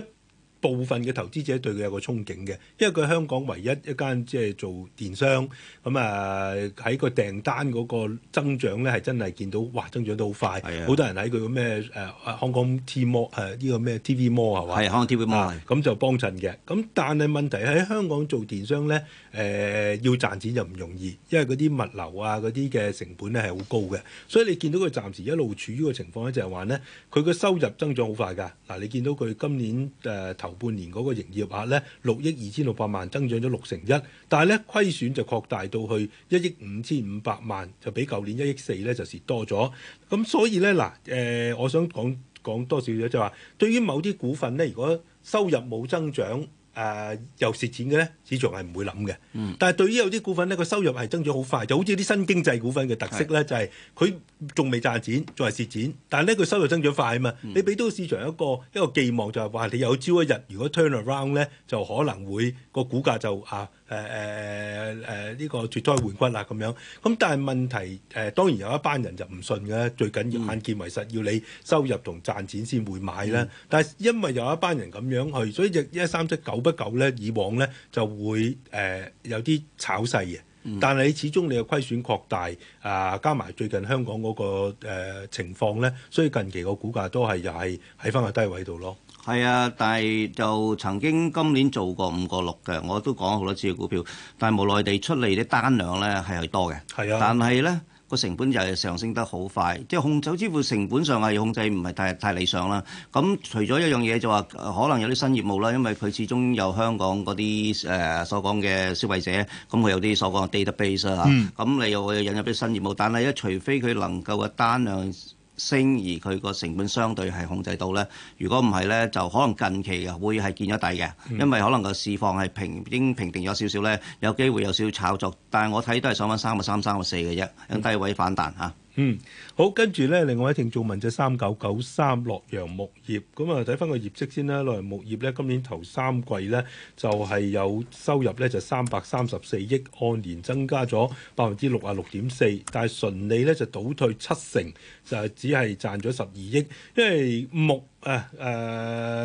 部分嘅投資者對佢有個憧憬嘅，因為佢香港唯一一間即係做電商，咁啊喺個訂單嗰個增長咧係真係見到，哇增長得好快，好多人喺佢個咩誒香港 Tmall 誒呢個咩 TVmall 係嘛？係香港 TVmall，咁就幫襯嘅。咁但係問題喺香港做電商咧，誒要賺錢就唔容易，因為嗰啲物流啊嗰啲嘅成本咧係好高嘅，所以你見到佢暫時一路處於個情況咧就係話咧，佢嘅收入增長好快㗎。嗱，你見到佢今年誒投。半年嗰個營業額咧六億二千六百萬，增長咗六成一，但係咧虧損就擴大到去一億五千五百萬，就比舊年一億四咧就蝕多咗。咁所以咧嗱，誒、呃、我想講講多少少就話，對於某啲股份咧，如果收入冇增長，誒、呃、又蝕錢嘅咧，市場係唔會諗嘅。但係對於有啲股份咧，個收入係增長好快，就好似啲新經濟股份嘅特色咧，是的 就係佢仲未賺錢，仲係蝕錢，但係咧佢收入增長快啊嘛。你俾到市場一個一個寄望，就係話你有朝一日如果 turn around 咧，就可能會個股價就啊。誒誒誒呢個脫胎換骨啦咁樣，咁但係問題誒、呃、當然有一班人就唔信嘅，最緊要眼見為實，要你收入同賺錢先會買啦。嗯、但係因為有一班人咁樣去，所以隻一三七久不久咧，9, 以往咧就會誒、呃、有啲炒勢嘅。但係你始終你嘅虧損擴大啊、呃，加埋最近香港嗰、嗰個、呃、情況咧，所以近期個股價都係又係喺翻個低位度咯。係啊，但係就曾經今年做過五個六嘅，我都講好多次股票，但係無奈地出嚟啲單量咧係係多嘅。係啊，但係咧個成本就係上升得好快，即係控酒支付成本上係控制唔係太太理想啦。咁除咗一樣嘢就話可能有啲新業務啦，因為佢始終有香港嗰啲誒所講嘅消費者，咁佢有啲所講嘅 database 啊，咁你又會引入啲新業務，但係咧除非佢能夠嘅單量升而佢個成本相對係控制到呢。如果唔係呢，就可能近期嘅會係見咗底嘅，因為可能個市況係平應平定咗少少呢，有機會有少少炒作，但係我睇都係上返三個三、三個四嘅啫，喺低位反彈嚇。嗯，好。跟住咧，另外一位聽眾問3 3，隻三九九三，洛陽木業咁啊，睇返個業績先啦。洛陽木業咧，今年頭三季咧就係、是、有收入咧就三百三十四億，按年增加咗百分之六啊六點四，但係純利咧就倒退七成，就只係賺咗十二億，因為木啊誒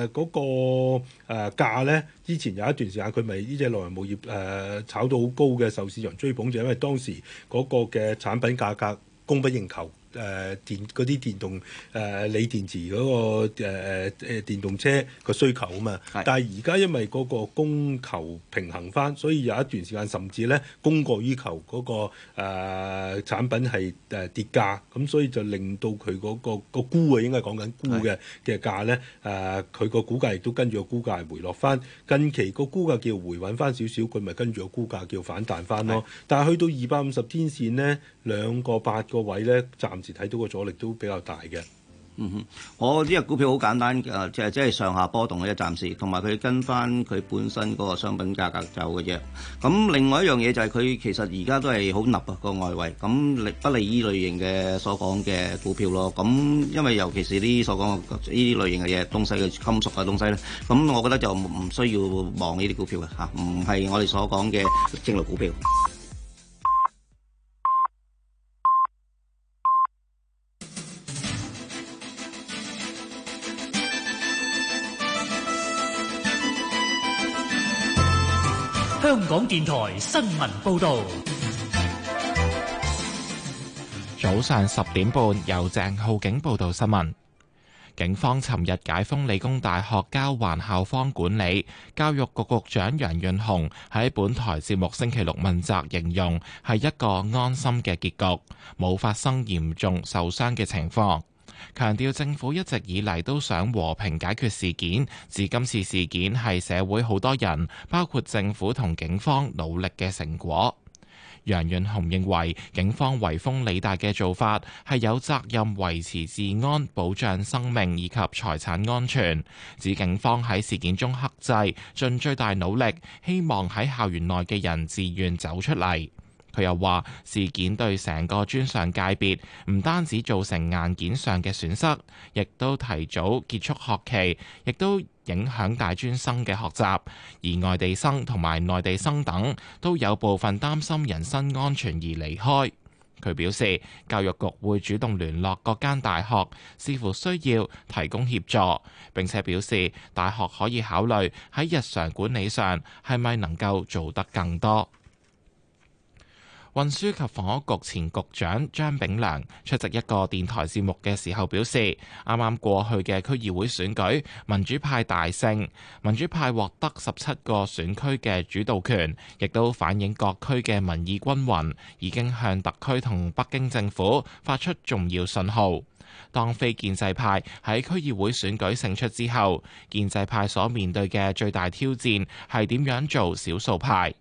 嗰個誒、呃、價咧，之前有一段時間佢咪呢隻洛陽木業誒、呃、炒到好高嘅，受市場追捧就因為當時嗰個嘅產品價格。供不應求。誒、呃、電嗰啲電動誒鋰、呃、電池嗰、那個誒誒誒電動車個需求啊嘛，是但係而家因為嗰個供求平衡翻，所以有一段時間甚至咧供過於求嗰、那個誒、呃、產品係誒跌價，咁所以就令到佢嗰、那個估啊、那個，應該講緊估嘅嘅價咧誒，佢個股價亦都跟住個估價係回落翻。近期個估價叫回穩翻少少，佢咪跟住個估價叫反彈翻咯。但係去到二百五十天線呢，兩個八個位咧，暫。睇到個阻力都比較大嘅，嗯哼，我呢隻股票好簡單嘅、啊，即係即係上下波動嘅一暫時，同埋佢跟翻佢本身嗰個商品價格走嘅啫。咁另外一樣嘢就係、是、佢其實而家都係好立啊、這個外圍，咁不利依類型嘅所講嘅股票咯。咁因為尤其是呢啲所講嘅呢啲類型嘅嘢東西嘅金屬嘅東西咧，咁我覺得就唔需要望呢啲股票嘅嚇，唔係我哋所講嘅正路股票。啊香港電台新聞報道，早上十點半由鄭浩景報道新聞。警方尋日解封理工大學交還校方管理。教育局局長楊潤雄喺本台節目星期六問責，形容係一個安心嘅結局，冇發生嚴重受傷嘅情況。強調政府一直以嚟都想和平解決事件，指今次事件係社會好多人，包括政府同警方努力嘅成果。楊潤雄認為警方圍封理大嘅做法係有責任維持治安、保障生命以及財產安全，指警方喺事件中克制，盡最大努力，希望喺校園內嘅人自願走出嚟。佢又話：事件對成個專上界別唔單止造成硬件上嘅損失，亦都提早結束學期，亦都影響大專生嘅學習。而外地生同埋內地生等都有部分擔心人身安全而離開。佢表示，教育局會主動聯絡各間大學，視乎需要提供協助。並且表示，大學可以考慮喺日常管理上係咪能夠做得更多。運輸及房屋局前局長張炳良出席一個電台節目嘅時候表示，啱啱過去嘅區議會選舉，民主派大勝，民主派獲得十七個選區嘅主導權，亦都反映各區嘅民意均勻，已經向特區同北京政府發出重要信號。當非建制派喺區議會選舉勝出之後，建制派所面對嘅最大挑戰係點樣做少數派。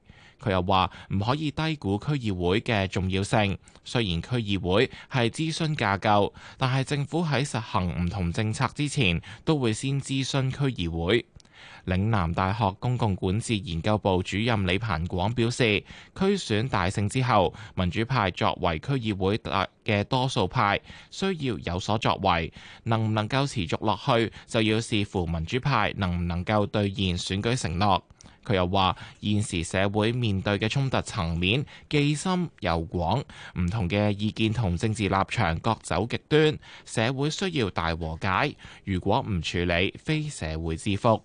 佢又話唔可以低估區議會嘅重要性。雖然區議會係諮詢架構，但係政府喺實行唔同政策之前，都會先諮詢區議會。嶺南大學公共管治研究部主任李彭廣表示，區選大勝之後，民主派作為區議會嘅多數派，需要有所作為。能唔能夠持續落去，就要視乎民主派能唔能夠兌現選舉承諾。佢又話：現時社會面對嘅衝突層面既深又廣，唔同嘅意見同政治立場各走極端，社會需要大和解。如果唔處理，非社會之福。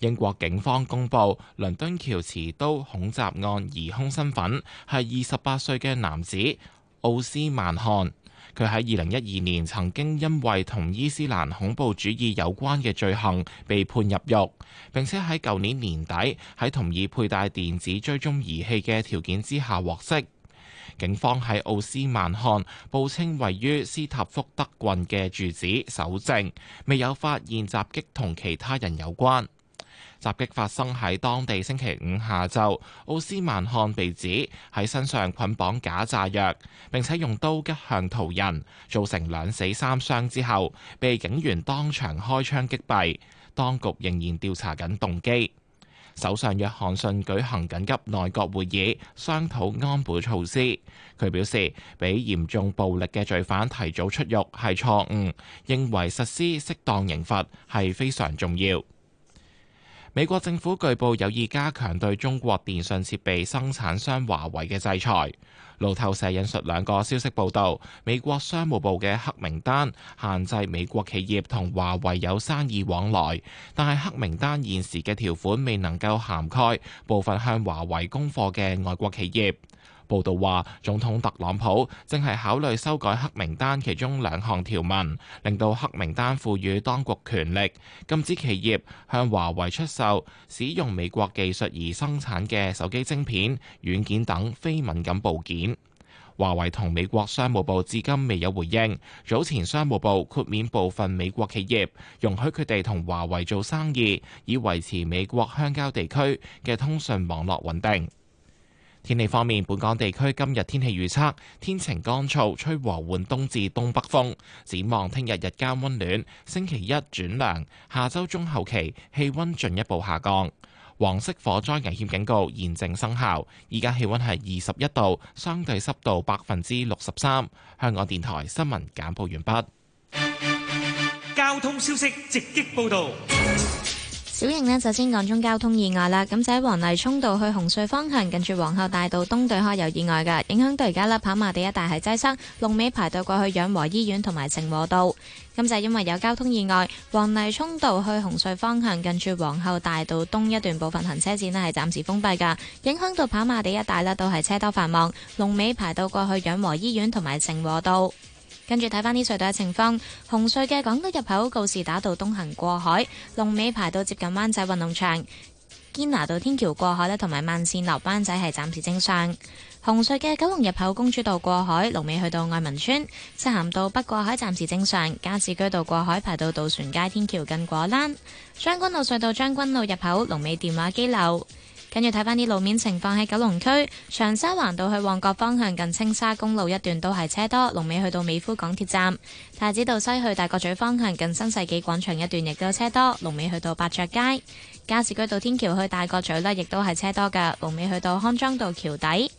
英國警方公布倫敦橋持刀恐襲案疑兇身份，係二十八歲嘅男子奧斯曼漢。佢喺二零一二年曾經因為同伊斯蘭恐怖主義有關嘅罪行被判入獄，並且喺舊年年底喺同意佩戴電子追蹤儀器嘅條件之下獲釋。警方喺奧斯曼漢報稱位於斯塔福德郡嘅住址搜證，未有發現襲擊同其他人有關。襲擊發生喺當地星期五下晝，奧斯曼漢被指喺身上捆綁假炸藥，並且用刀拮向途人，造成兩死三傷之後，被警員當場開槍擊斃。當局仍然調查緊動機。首相約翰遜舉行緊急內閣會議，商討安保措施。佢表示，俾嚴重暴力嘅罪犯提早出獄係錯誤，認為實施適當刑罰係非常重要。美國政府據報有意加強對中國電信設備生產商華為嘅制裁。路透社引述兩個消息報道，美國商務部嘅黑名單限制美國企業同華為有生意往來，但係黑名單現時嘅條款未能夠涵蓋部分向華為供貨嘅外國企業。報道話，總統特朗普正係考慮修改黑名單其中兩項條文，令到黑名單賦予當局權力，禁止企業向華為出售使用美國技術而生產嘅手機晶片、軟件等非敏感部件。華為同美國商務部至今未有回應。早前商務部豁免部分美國企業，容許佢哋同華為做生意，以維持美國鄉郊地區嘅通訊網絡穩定。天氣方面，本港地區今日天氣預測天晴乾燥，吹和緩東至東北風。展望聽日日間溫暖，星期一轉涼，下周中後期氣溫進一步下降。黃色火災危險警告現正生效。依家氣溫係二十一度，相對濕度百分之六十三。香港電台新聞簡報完畢。交通消息直擊報道。小型呢，就先講中交通意外啦。咁就喺黃泥涌道去紅隧方向，近住皇后大道東對開有意外嘅，影響到而家啦，跑馬地一帶係擠塞，龍尾排到過去養和醫院同埋成和道。咁就因為有交通意外，黃泥涌道去紅隧方向近住皇后大道東一段部分行車線呢係暫時封閉嘅，影響到跑馬地一帶呢都係車多繁忙，龍尾排到過去養和醫院同埋成和道。跟住睇翻啲隧道嘅情況，紅隧嘅港島入口告士打道東行過海，龍尾排到接近灣仔運動場；堅拿道天橋過海咧，同埋慢綫落灣仔係暫時正常。紅隧嘅九龍入口公主道過海，龍尾去到愛民村，漆咸道北過海暫時正常。加士居道過海排到渡船街天橋近果欄，將軍澳隧道將軍澳入口龍尾電話機樓。跟住睇翻啲路面情況，喺九龍區長沙灣道去旺角方向近青沙公路一段都係車多，龍尾去到美孚港鐵站；太子道西去大角咀方向近新世紀廣場一段亦都車多，龍尾去到百雀街；加士居道天橋去大角咀呢亦都係車多㗎，龍尾去到康莊道橋底。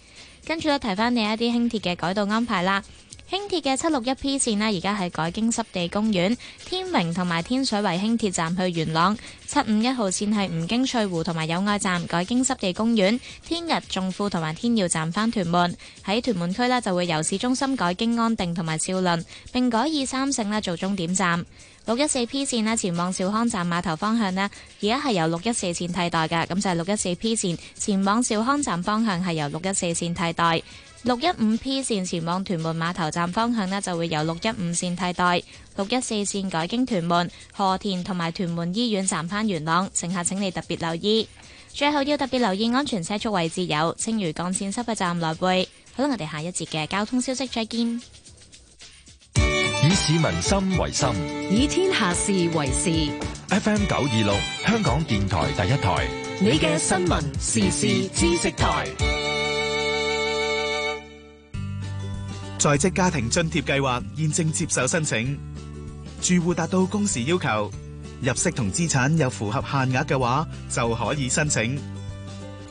跟住咧提翻你一啲輕鐵嘅改道安排啦。輕鐵嘅七六一 P 線咧，而家係改經濕地公園、天榮同埋天水圍輕鐵站去元朗；七五一號線係唔經翠湖同埋友愛站，改經濕地公園、天逸眾富同埋天耀站返屯門。喺屯門區呢，就會由市中心改經安定同埋兆麟，並改以三聖咧做終點站。六一四 P 線咧前往兆康站碼頭方向呢，而家係由六一四線替代嘅，咁就係六一四 P 線前往兆康站方向係由六一四線替代。六一五 P 線前往屯門碼頭站方向呢，就會由六一五線替代；六一四線改經屯門、河田同埋屯門醫院站返元朗，乘客請你特別留意。最後要特別留意安全車速位置有青嶼幹線收費站來回。好啦，我哋下一節嘅交通消息再見。以市民心為心，以天下事為事。FM 九二六，香港電台第一台。你嘅新聞時事知識台。在職家庭津貼計劃現正接受申請，住戶達到工時要求，入息同資產又符合限額嘅話，就可以申請。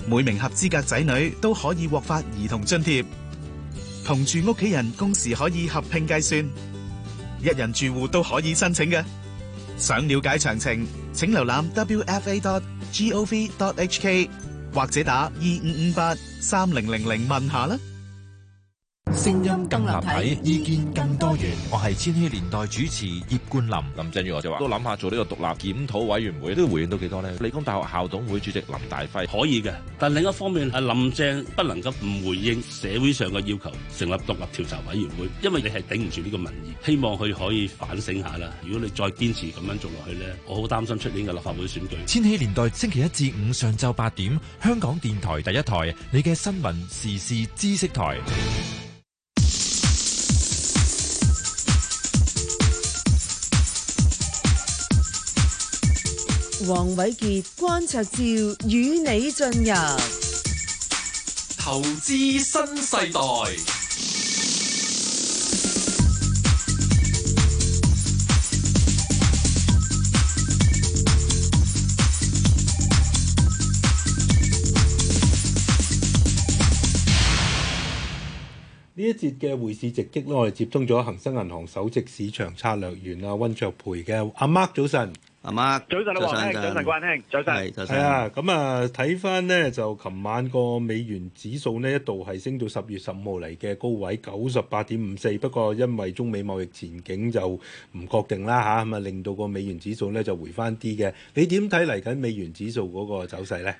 每名合資格仔女都可以獲發兒童津貼，同住屋企人工時可以合併計算，一人住戶都可以申請嘅。想了解詳情，請瀏覽 wfa.gov.hk 或者，打二五五八三零零零問下啦。聲音更立體，意見更多元。我係千禧年代主持葉冠林，林鄭月娥就話都諗下做呢個獨立檢討委員會，都回應到幾多呢？理工大學校董會主席林大輝可以嘅，但另一方面係林鄭不能夠唔回應社會上嘅要求，成立獨立調查委員會，因為你係頂唔住呢個民意。希望佢可以反省下啦。如果你再堅持咁樣做落去呢，我好擔心出年嘅立法會選舉。千禧年代星期一至五上晝八點，香港電台第一台，你嘅新聞時事知識台。黃瑋傑、關焯照與你進入投資新世代。呢一節嘅匯市直擊，我哋接通咗恒生銀行首席市場策略員，啊，温卓培嘅阿 Mark，早晨。阿媽、啊，早晨啦，黃，早晨，關生，對早晨，係啊、嗯，咁啊，睇翻咧就琴晚個美元指數呢，一度係升到十月十五號嚟嘅高位九十八點五四，不過因為中美貿易前景就唔確定啦吓，咁啊令到個美元指數咧就回翻啲嘅，你點睇嚟緊美元指數嗰個走勢咧？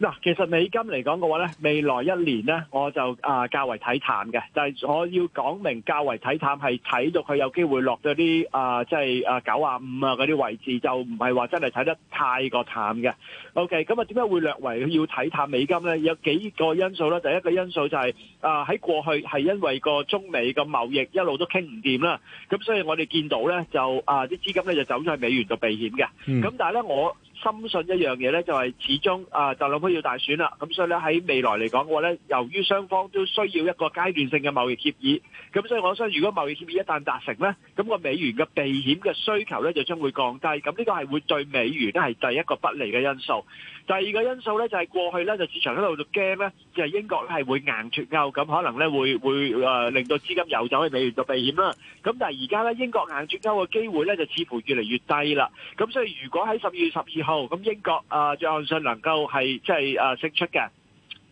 嗱，其實美金嚟講嘅話咧，未來一年咧，我就啊、呃、較為睇淡嘅，就係我要講明，較為睇淡係睇到佢有機會落到啲啊、呃，即係啊九啊五啊嗰啲位置，就唔係話真係睇得太過淡嘅。O K，咁啊，點解會略為要睇淡美金咧？有幾個因素咧，第一個因素就係啊喺過去，係因為個中美嘅貿易一路都傾唔掂啦，咁所以我哋見到咧就啊啲資金咧就走咗去美元度避險嘅，咁但係咧我深信一樣嘢咧，就係始終啊，特朗普要大選啦，咁所以咧喺未來嚟講嘅話咧，由於雙方都需要一個階段性嘅貿易協議，咁所以我相信如果貿易協議一旦達成咧，咁、那個美元嘅避險嘅需求咧就將會降低，咁呢個係會對美元都係第一個不利嘅因素。第二個因素咧就係、是、過去咧就市場喺度驚咧，就是、英國係會硬脱歐，咁可能咧會會誒、呃、令到資金遊走去美元做避險啦。咁但係而家咧英國硬脱歐嘅機會咧就似乎越嚟越低啦。咁所以如果喺十二月十二號，哦，咁英國啊，相信能夠係即係啊勝出嘅，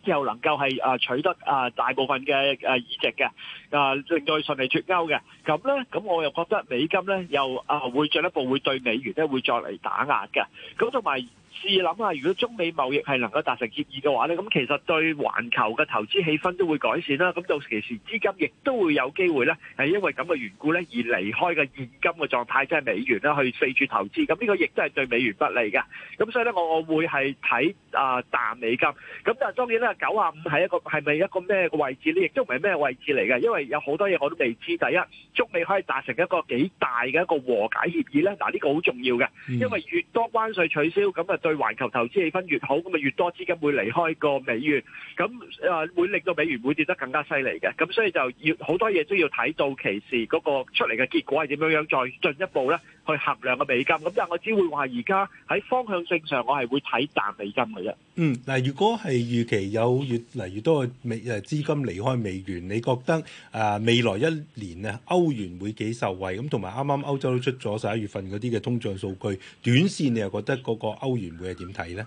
又能夠係啊取得啊大部分嘅啊議席嘅，啊令到順利脱歐嘅。咁咧，咁我又覺得美金咧又啊會進一步會對美元咧會再嚟打壓嘅。咁同埋。試諗下，如果中美貿易係能夠達成協議嘅話呢，咁其實對環球嘅投資氣氛都會改善啦。咁到時時資金亦都會有機會呢，係因為咁嘅緣故呢，而離開嘅現金嘅狀態，即係美元啦，去四處投資。咁呢個亦都係對美元不利嘅。咁所以呢，我會係睇啊淡美金。咁但係當然啦，九啊五係一個係咪一個咩位置呢？亦都唔係咩位置嚟嘅，因為有好多嘢我都未知。第一，中美可以達成一個幾大嘅一個和解協議呢。嗱，呢個好重要嘅，因為越多關稅取消，咁啊對。環球投資氣氛越好，咁咪越多資金會離開個美元，咁誒會令到美元會跌得更加犀利嘅，咁所以就要好多嘢都要睇到期時嗰個出嚟嘅結果係點樣樣，再進一步咧。去衡量嘅美金，咁但係我只會話而家喺方向性上，我係會睇淡美金嘅啫。嗯，嗱，如果係預期有越嚟越多嘅美誒資金離開美元，你覺得誒未來一年啊歐元會幾受惠？咁同埋啱啱歐洲都出咗十一月份嗰啲嘅通脹數據，短線你又覺得嗰個歐元會係點睇咧？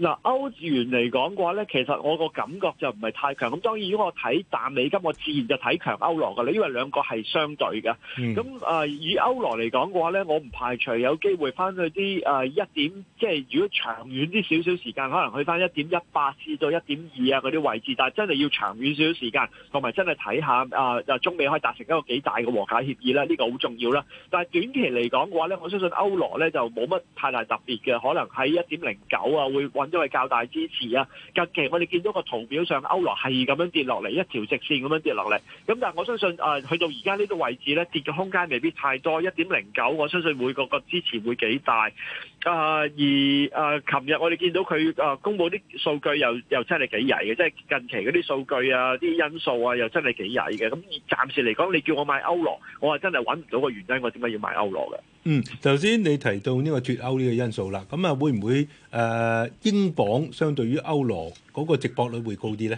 嗱歐元嚟講嘅話咧，其實我個感覺就唔係太強。咁當然，如果我睇淡美金，我自然就睇強歐羅嘅。你因為兩個係相對嘅。咁啊、嗯呃，以歐羅嚟講嘅話咧，我唔排除有機會翻去啲啊一、呃、點，即係如果長遠啲少少時間，可能去翻一點一八至到一點二啊嗰啲位置。但係真係要長遠少少時間，同埋真係睇下啊，啊、呃、中美可以達成一個幾大嘅和解協議咧，呢、呢個好重要啦。但係短期嚟講嘅話咧，我相信歐羅咧就冇乜太大特別嘅，可能喺一點零九啊會。因為較大支持啊！近期我哋見到個圖表上歐羅係咁樣跌落嚟，一條直線咁樣跌落嚟。咁但係我相信啊，去、呃、到而家呢個位置咧，跌嘅空間未必太多。一點零九，我相信每個個支持會幾大。啊、呃，而啊，琴、呃、日我哋見到佢啊、呃，公布啲數據又又真係幾曳嘅，即係近期嗰啲數據啊，啲因素啊，又真係幾曳嘅。咁暫時嚟講，你叫我買歐羅，我係真係揾唔到個原因，我點解要買歐羅嘅？嗯，頭先你提到呢個脱歐呢個因素啦，咁、嗯、啊會唔會誒、呃、英鎊相對於歐羅嗰個直博率會高啲咧？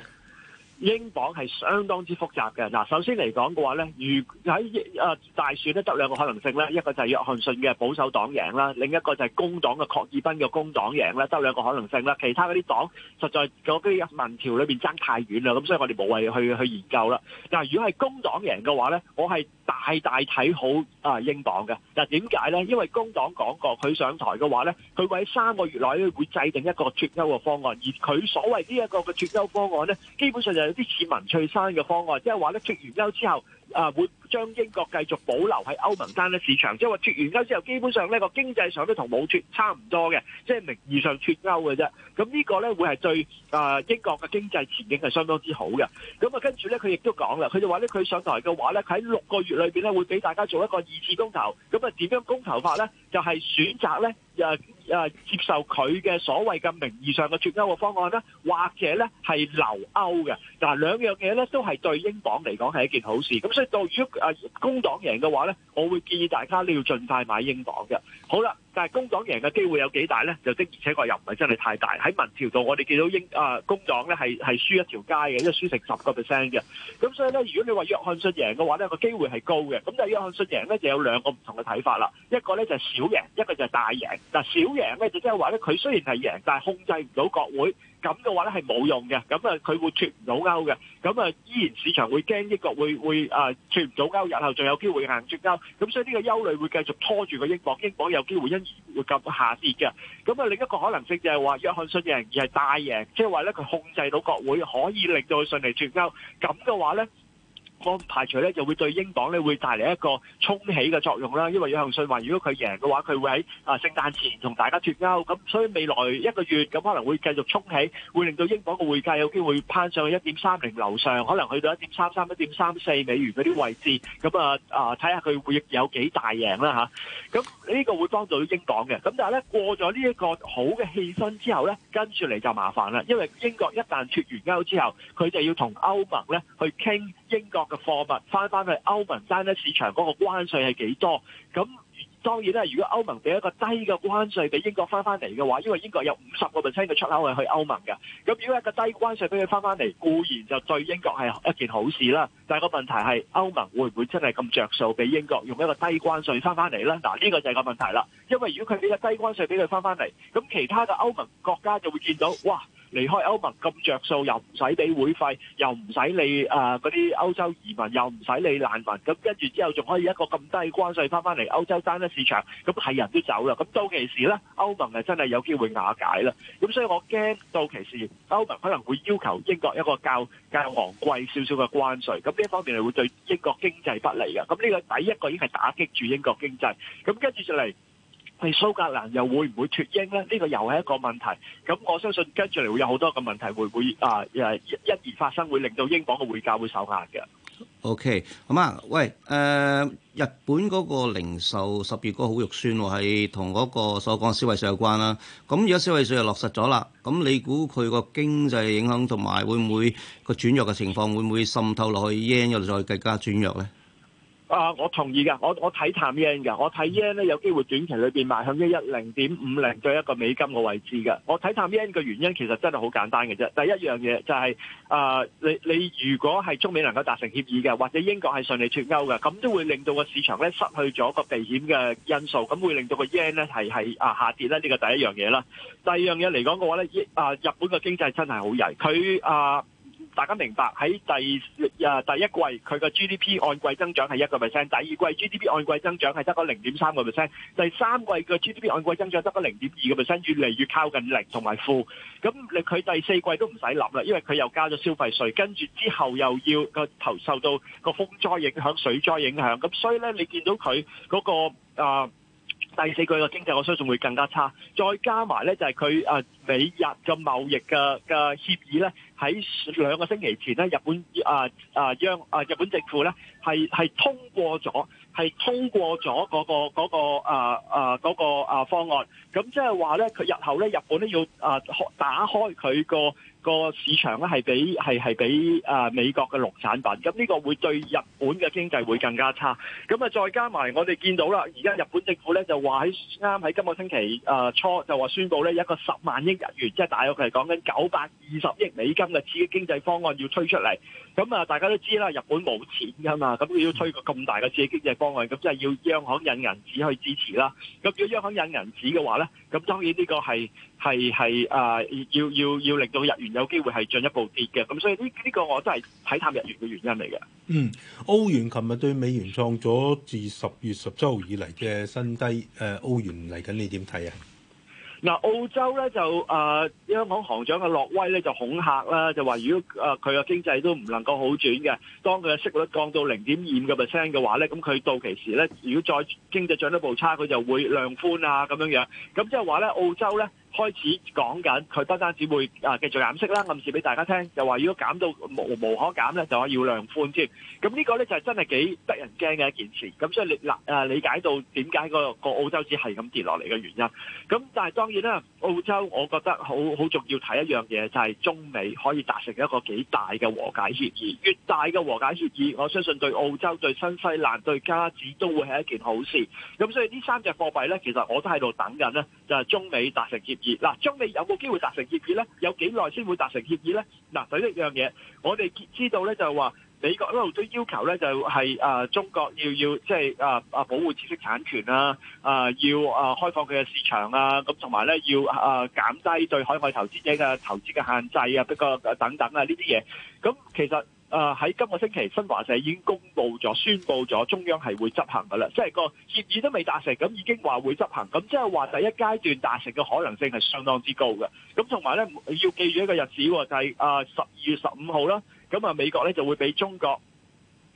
英鎊係相當之複雜嘅嗱，首先嚟講嘅話咧，如喺啊大選咧，得兩個可能性咧，一個就係約翰遜嘅保守黨贏啦，另一個就係工黨嘅霍爾敦嘅工黨贏啦，得兩個可能性啦。其他嗰啲黨實在嗰啲民調裏邊爭太遠啦，咁所以我哋無謂去去研究啦。嗱，如果係工黨贏嘅話咧，我係大大睇好啊英鎊嘅。嗱，點解咧？因為工黨講過佢上台嘅話咧，佢會喺三個月內咧會制定一個脱歐嘅方案，而佢所謂呢一個嘅脱歐方案咧，基本上就是啲似文翠珊嘅方案，即係話咧脫完歐之後，啊、呃、會將英國繼續保留喺歐盟單一市場，即係話脫完歐之後，基本上呢個經濟上都同冇脫差唔多嘅，即、就、係、是、名義上脫歐嘅啫。咁呢個咧會係對啊英國嘅經濟前景係相當之好嘅。咁啊跟住咧佢亦都講啦，佢就話咧，佢上台嘅話咧，佢喺六個月裏邊咧會俾大家做一個二次公投。咁啊點樣公投法咧？就係、是、選擇咧啊。呃誒、啊、接受佢嘅所謂嘅名義上嘅脫歐嘅方案咧，或者咧係留歐嘅嗱，兩、啊、樣嘢咧都係對英鎊嚟講係一件好事。咁所以到如果、呃、工黨贏嘅話呢，我會建議大家咧要盡快買英鎊嘅。好啦，但係工黨贏嘅機會有幾大呢？就的而且確又唔係真係太大。喺民調度，我哋見到英誒、呃、工黨咧係係輸一條街嘅，即係輸成十個 percent 嘅。咁所以呢，如果你話約翰遜贏嘅話，呢個機會係高嘅。咁但係約翰遜贏呢，就有兩個唔同嘅睇法啦。一個呢就係小贏，一個就係大贏，嗱，小贏咧就即係話咧，佢雖然係贏，但係控制唔到國會，咁嘅話咧係冇用嘅，咁啊佢會脱唔到歐嘅，咁啊依然市場會驚英國會會啊脱唔到歐，日後仲有機會行脱歐，咁所以呢個憂慮會繼續拖住個英鎊，英鎊有機會因而會咁下跌嘅，咁啊另一個可能性就係話約翰遜贏而係大贏，即係話咧佢控制到國會可以令到佢順利脱歐，咁嘅話咧。我不排除咧，就會對英鎊咧會帶嚟一個沖起嘅作用啦。因為有行信話，如果佢贏嘅話，佢會喺啊聖誕前同大家脱歐，咁所以未來一個月咁可能會繼續沖起，會令到英鎊嘅匯價有機會攀上去一點三零樓上，可能去到一點三三、一點三四美元嗰啲位置。咁啊啊，睇下佢會有幾大贏啦嚇。咁呢個會幫助到英鎊嘅。咁但係咧過咗呢一個好嘅氣氛之後咧，跟住嚟就麻煩啦。因為英國一旦脱完歐之後，佢就要同歐盟咧去傾英國。貨物翻翻去歐盟單一市場嗰個關稅係幾多？咁當然啦，如果歐盟俾一個低嘅關稅俾英國翻翻嚟嘅話，因為英國有五十個 percent 嘅出口係去歐盟嘅。咁如果一個低關稅俾佢翻翻嚟，固然就對英國係一件好事啦。但係個問題係歐盟會唔會真係咁着數俾英國用一個低關稅翻翻嚟呢？嗱、啊、呢、這個就係個問題啦。因為如果佢俾個低關稅俾佢翻翻嚟，咁其他嘅歐盟國家就會見到哇。離開歐盟咁著數，又唔使俾會費，又唔使理啊嗰啲歐洲移民，又唔使理難民，咁跟住之後仲可以一個咁低關稅翻翻嚟歐洲爭一市場，咁係人都走啦。咁到期時呢，歐盟係真係有機會瓦解啦。咁所以我驚到期時歐盟可能會要求英國一個較較昂貴少少嘅關稅，咁呢一方面係會對英國經濟不利嘅。咁呢個第一個已經係打擊住英國經濟，咁跟住住嚟係蘇格蘭又會唔會脫英咧？呢個又係一個問題。咁我相信跟住嚟會有好多嘅問題，會唔會啊誒一而發生，會令到英鎊嘅匯價會受壓嘅。O K，咁啊，喂誒，日本嗰個零售十月嗰個好肉酸，係同嗰個所講消費稅有關啦。咁而家消費稅又落實咗啦。咁你估佢個經濟影響同埋會唔會個轉弱嘅情況，會唔會滲透落去日圓嗰度再更加轉弱咧？啊！Uh, 我同意噶，我我睇探 yen 噶，我睇 yen 咧有機會短期裏邊賣向一一零點五零對一個美金嘅位置噶。我睇探 yen 嘅原因其實真係好簡單嘅啫。第一樣嘢就係、是、啊、呃，你你如果係中美能夠達成協議嘅，或者英國係順利脱歐嘅，咁都會令到個市場咧失去咗個避險嘅因素，咁會令到個 yen 咧係係啊下跌咧。呢個第一樣嘢啦。第二樣嘢嚟講嘅話咧，啊日本嘅經濟真係好曳，佢啊。呃大家明白喺第啊第一季佢嘅 GDP 按季增長係一個 percent，第二季 GDP 按季增長係得個零點三個 percent，第三季嘅 GDP 按季增長得個零點二個 percent，越嚟越靠近零同埋負。咁你佢第四季都唔使諗啦，因為佢又加咗消費稅，跟住之後又要個頭受到個風災影響、水災影響。咁所以咧，你見到佢嗰、嗰個、呃第四個經濟我相信會更加差，再加埋咧就係佢啊美日嘅貿易嘅嘅協議咧，喺兩個星期前咧，日本啊啊央啊日本政府咧係係通過咗，係通過咗嗰個嗰個啊啊嗰個啊方案，咁即係話咧佢日後咧日本咧要啊打開佢個個市場咧係比係係比誒美國嘅農產品，咁呢個會對日本嘅經濟會更加差。咁啊，再加埋我哋見到啦，而家日本政府咧就話喺啱喺今個星期誒初就話宣佈呢一個十萬億日元，即係大約佢係講緊九百二十億美金嘅刺激經濟方案要推出嚟。咁啊，大家都知啦，日本冇錢噶嘛，咁佢要推個咁大嘅刺激經濟方案，咁即係要央行印銀紙去支持啦。咁如果央行印銀紙嘅話咧，咁當然呢個係係係誒要要要令到日元。有機會係進一步跌嘅，咁所以呢呢個我都係睇淡日元嘅原因嚟嘅。嗯，歐元琴日對美元創咗自十月十七號以嚟嘅新低。誒、呃，歐元嚟緊，你點睇啊？嗱、嗯，澳洲咧就誒、呃，香港行長嘅諾威咧就恐嚇啦，就話如果誒佢嘅經濟都唔能夠好轉嘅，當佢嘅息率降到零點二五嘅 percent 嘅話咧，咁佢到期時咧，如果再經濟進一步差，佢就會量寬啊咁樣樣。咁即係話咧，澳洲咧。開始講緊，佢不單止會啊繼續減息啦，暗示俾大家聽，又話如果減到無無可減咧，就話要量寬添。咁呢個咧就係真係幾得人驚嘅一件事。咁所以你嗱啊理解到點解個個澳洲紙係咁跌落嚟嘅原因。咁但係當然啦，澳洲我覺得好好重要睇一樣嘢，就係、是、中美可以達成一個幾大嘅和解協議。越大嘅和解協議，我相信對澳洲、對新西蘭、對加紙都會係一件好事。咁所以三貨幣呢三隻貨幣咧，其實我都喺度等緊呢，就係、是、中美達成協。嗱，將你、啊、有冇機會達成協議咧？有幾耐先會達成協議咧？嗱、啊，第一樣嘢，我哋知道咧，就係、是、話美國一路都要求咧，就係、是、啊、呃，中國要要即係啊啊保護知識產權啊，啊、呃、要啊、呃、開放佢嘅市場啊，咁同埋咧要啊、呃、減低對海外投資者嘅投資嘅限制啊，不過等等啊，呢啲嘢，咁、啊、其實。誒喺今個星期，新華社已經公布咗、宣佈咗中央係會執行嘅啦。即係個協議都未達成，咁已經話會執行，咁即係話第一階段達成嘅可能性係相當之高嘅。咁同埋咧，要記住一個日子，就係誒十二月十五號啦。咁啊，美國咧就會俾中國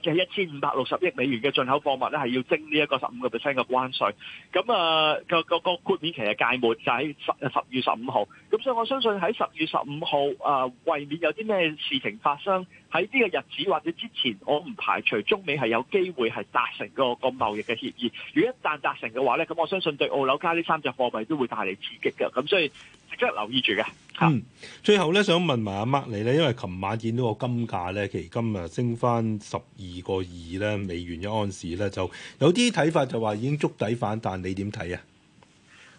嘅一千五百六十億美元嘅進口貨物咧，係要徵呢一個十五個 percent 嘅關稅。咁啊，個個個豁免期嘅屆末就喺十十月十五號。咁所以我相信喺十月十五號啊，為免有啲咩事情發生。喺呢個日子或者之前，我唔排除中美係有機會係達成個個貿易嘅協議。如果一旦達成嘅話咧，咁我相信對澳紐加呢三隻貨幣都會帶嚟刺激嘅。咁所以即刻留意住嘅。嗯，最後咧想問埋阿 Mark 你咧，因為琴晚見到個金價咧，其今日升返十二個二咧，美元一盎司咧，就有啲睇法就話已經觸底反彈，你點睇啊？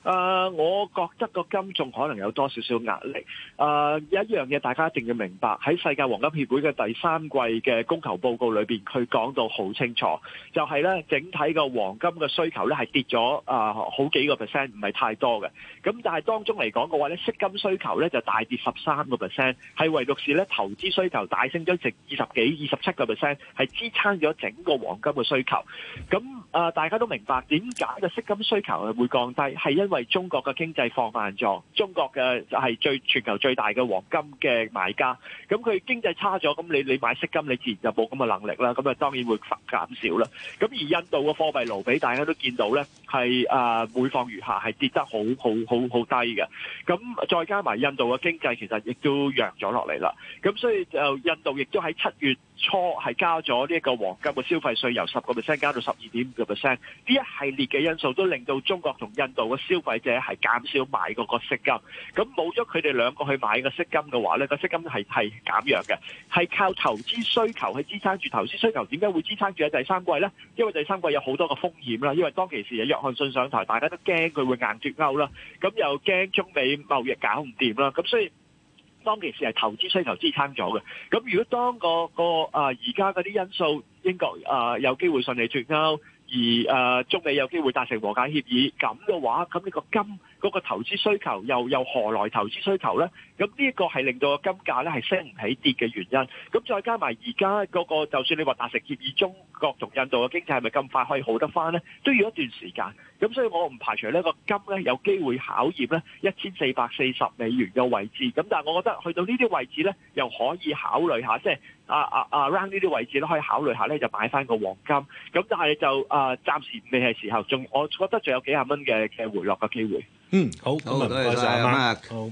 啊，uh, 我覺得個金重可能有多少少壓力。啊，有一樣嘢大家一定要明白，喺世界黃金協會嘅第三季嘅供求報告裏邊，佢講到好清楚，就係、是、咧整體個黃金嘅需求咧係跌咗啊好幾個 percent，唔係太多嘅。咁但係當中嚟講嘅話咧，飾金需求咧就大跌十三個 percent，係唯獨是咧投資需求大升咗成二十幾、二十七個 percent，係支撐咗整個黃金嘅需求。咁啊！大家都明白點解個飾金需求係會降低，係因為中國嘅經濟放慢咗。中國嘅就係最全球最大嘅黃金嘅買家。咁佢經濟差咗，咁你你買飾金，你自然就冇咁嘅能力啦。咁啊，當然會減少啦。咁而印度嘅貨幣盧比，大家都見到咧，係啊，每況愈下，係跌得好好好好低嘅。咁再加埋印度嘅經濟其實亦都弱咗落嚟啦。咁所以就印度亦都喺七月初係加咗呢一個黃金嘅消費稅，由十個 percent 加到十二點 percent，呢一系列嘅因素都令到中國同印度嘅消費者係減少買個息金。咁冇咗佢哋兩個去買個息金嘅話，呢個息金係係減弱嘅，係靠投資需求去支撐住。投資需求點解會支撐住喺第三季呢？因為第三季有好多嘅風險啦，因為當其時係約翰遜上台，大家都驚佢會硬脫歐啦，咁又驚中美貿易搞唔掂啦，咁所以當其時係投資需求支撐咗嘅。咁如果當、那個個啊而家嗰啲因素，英國啊有機會順利脫歐。而誒，呃、中美有機會達成和解協議。咁嘅話，咁呢個金。嗰個投資需求又又何來投資需求呢？咁呢一個係令到金價呢係升唔起跌嘅原因。咁再加埋而家嗰個，就算你話達成協議，中國同印度嘅經濟係咪咁快可以好得翻呢？都要一段時間。咁所以我唔排除呢個金呢有機會考驗呢一千四百四十美元嘅位置。咁但係我覺得去到呢啲位置呢，又可以考慮下，即係啊啊啊 round 呢啲位置都可以考慮下呢，就買翻個黃金。咁但係就啊、呃，暫時未係時候，仲我覺得仲有幾十蚊嘅嘅回落嘅機會。嗯，好，咁啊唔該晒阿 Mark，好，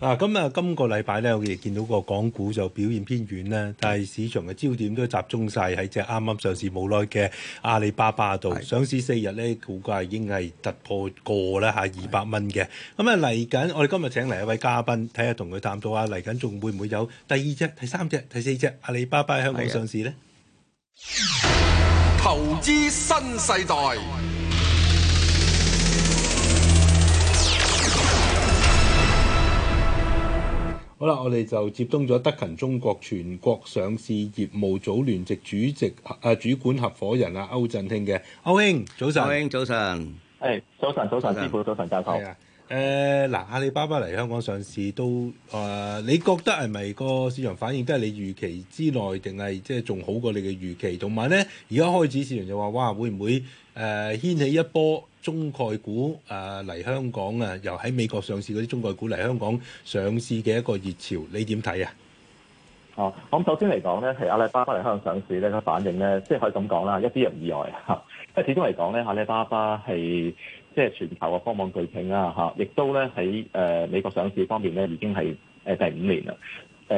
嗱咁啊今個禮拜咧，我哋見到個港股就表現偏軟咧，但係市場嘅焦點都集中晒喺隻啱啱上市冇耐嘅阿里巴巴度，上市四日咧，股價已經係突破過啦吓二百蚊嘅，咁啊嚟緊，我哋今日請嚟一位嘉賓，睇下，同佢探討下嚟緊仲會唔會有第二隻、第三隻、第四隻阿里巴巴香港上市咧？投資新世代。好啦，我哋就接通咗德勤中國全國上市業務組聯席主席啊、呃、主管合夥人阿歐振興嘅。歐兄早晨，歐兄早晨，係早晨早晨上，師傅早晨教授，係啊，誒、呃、嗱，阿里巴巴嚟香港上市都誒、呃，你覺得係咪個市場反應都係你預期之內，定係即係仲好過你嘅預期？同埋咧，而家開始市場就話哇，會唔會誒、呃、掀起一波？中概股啊嚟香港啊，又喺美國上市嗰啲中概股嚟香港上市嘅一個熱潮，你點睇啊？哦，咁首先嚟講咧，係阿里巴巴嚟香港上市咧，個反應咧，即係可以咁講啦，一啲人意外嚇。因、啊、為始終嚟講咧，阿里巴巴係即係全球嘅科網巨擘啦嚇，亦、啊、都咧喺誒美國上市方面咧，已經係誒第五年啦。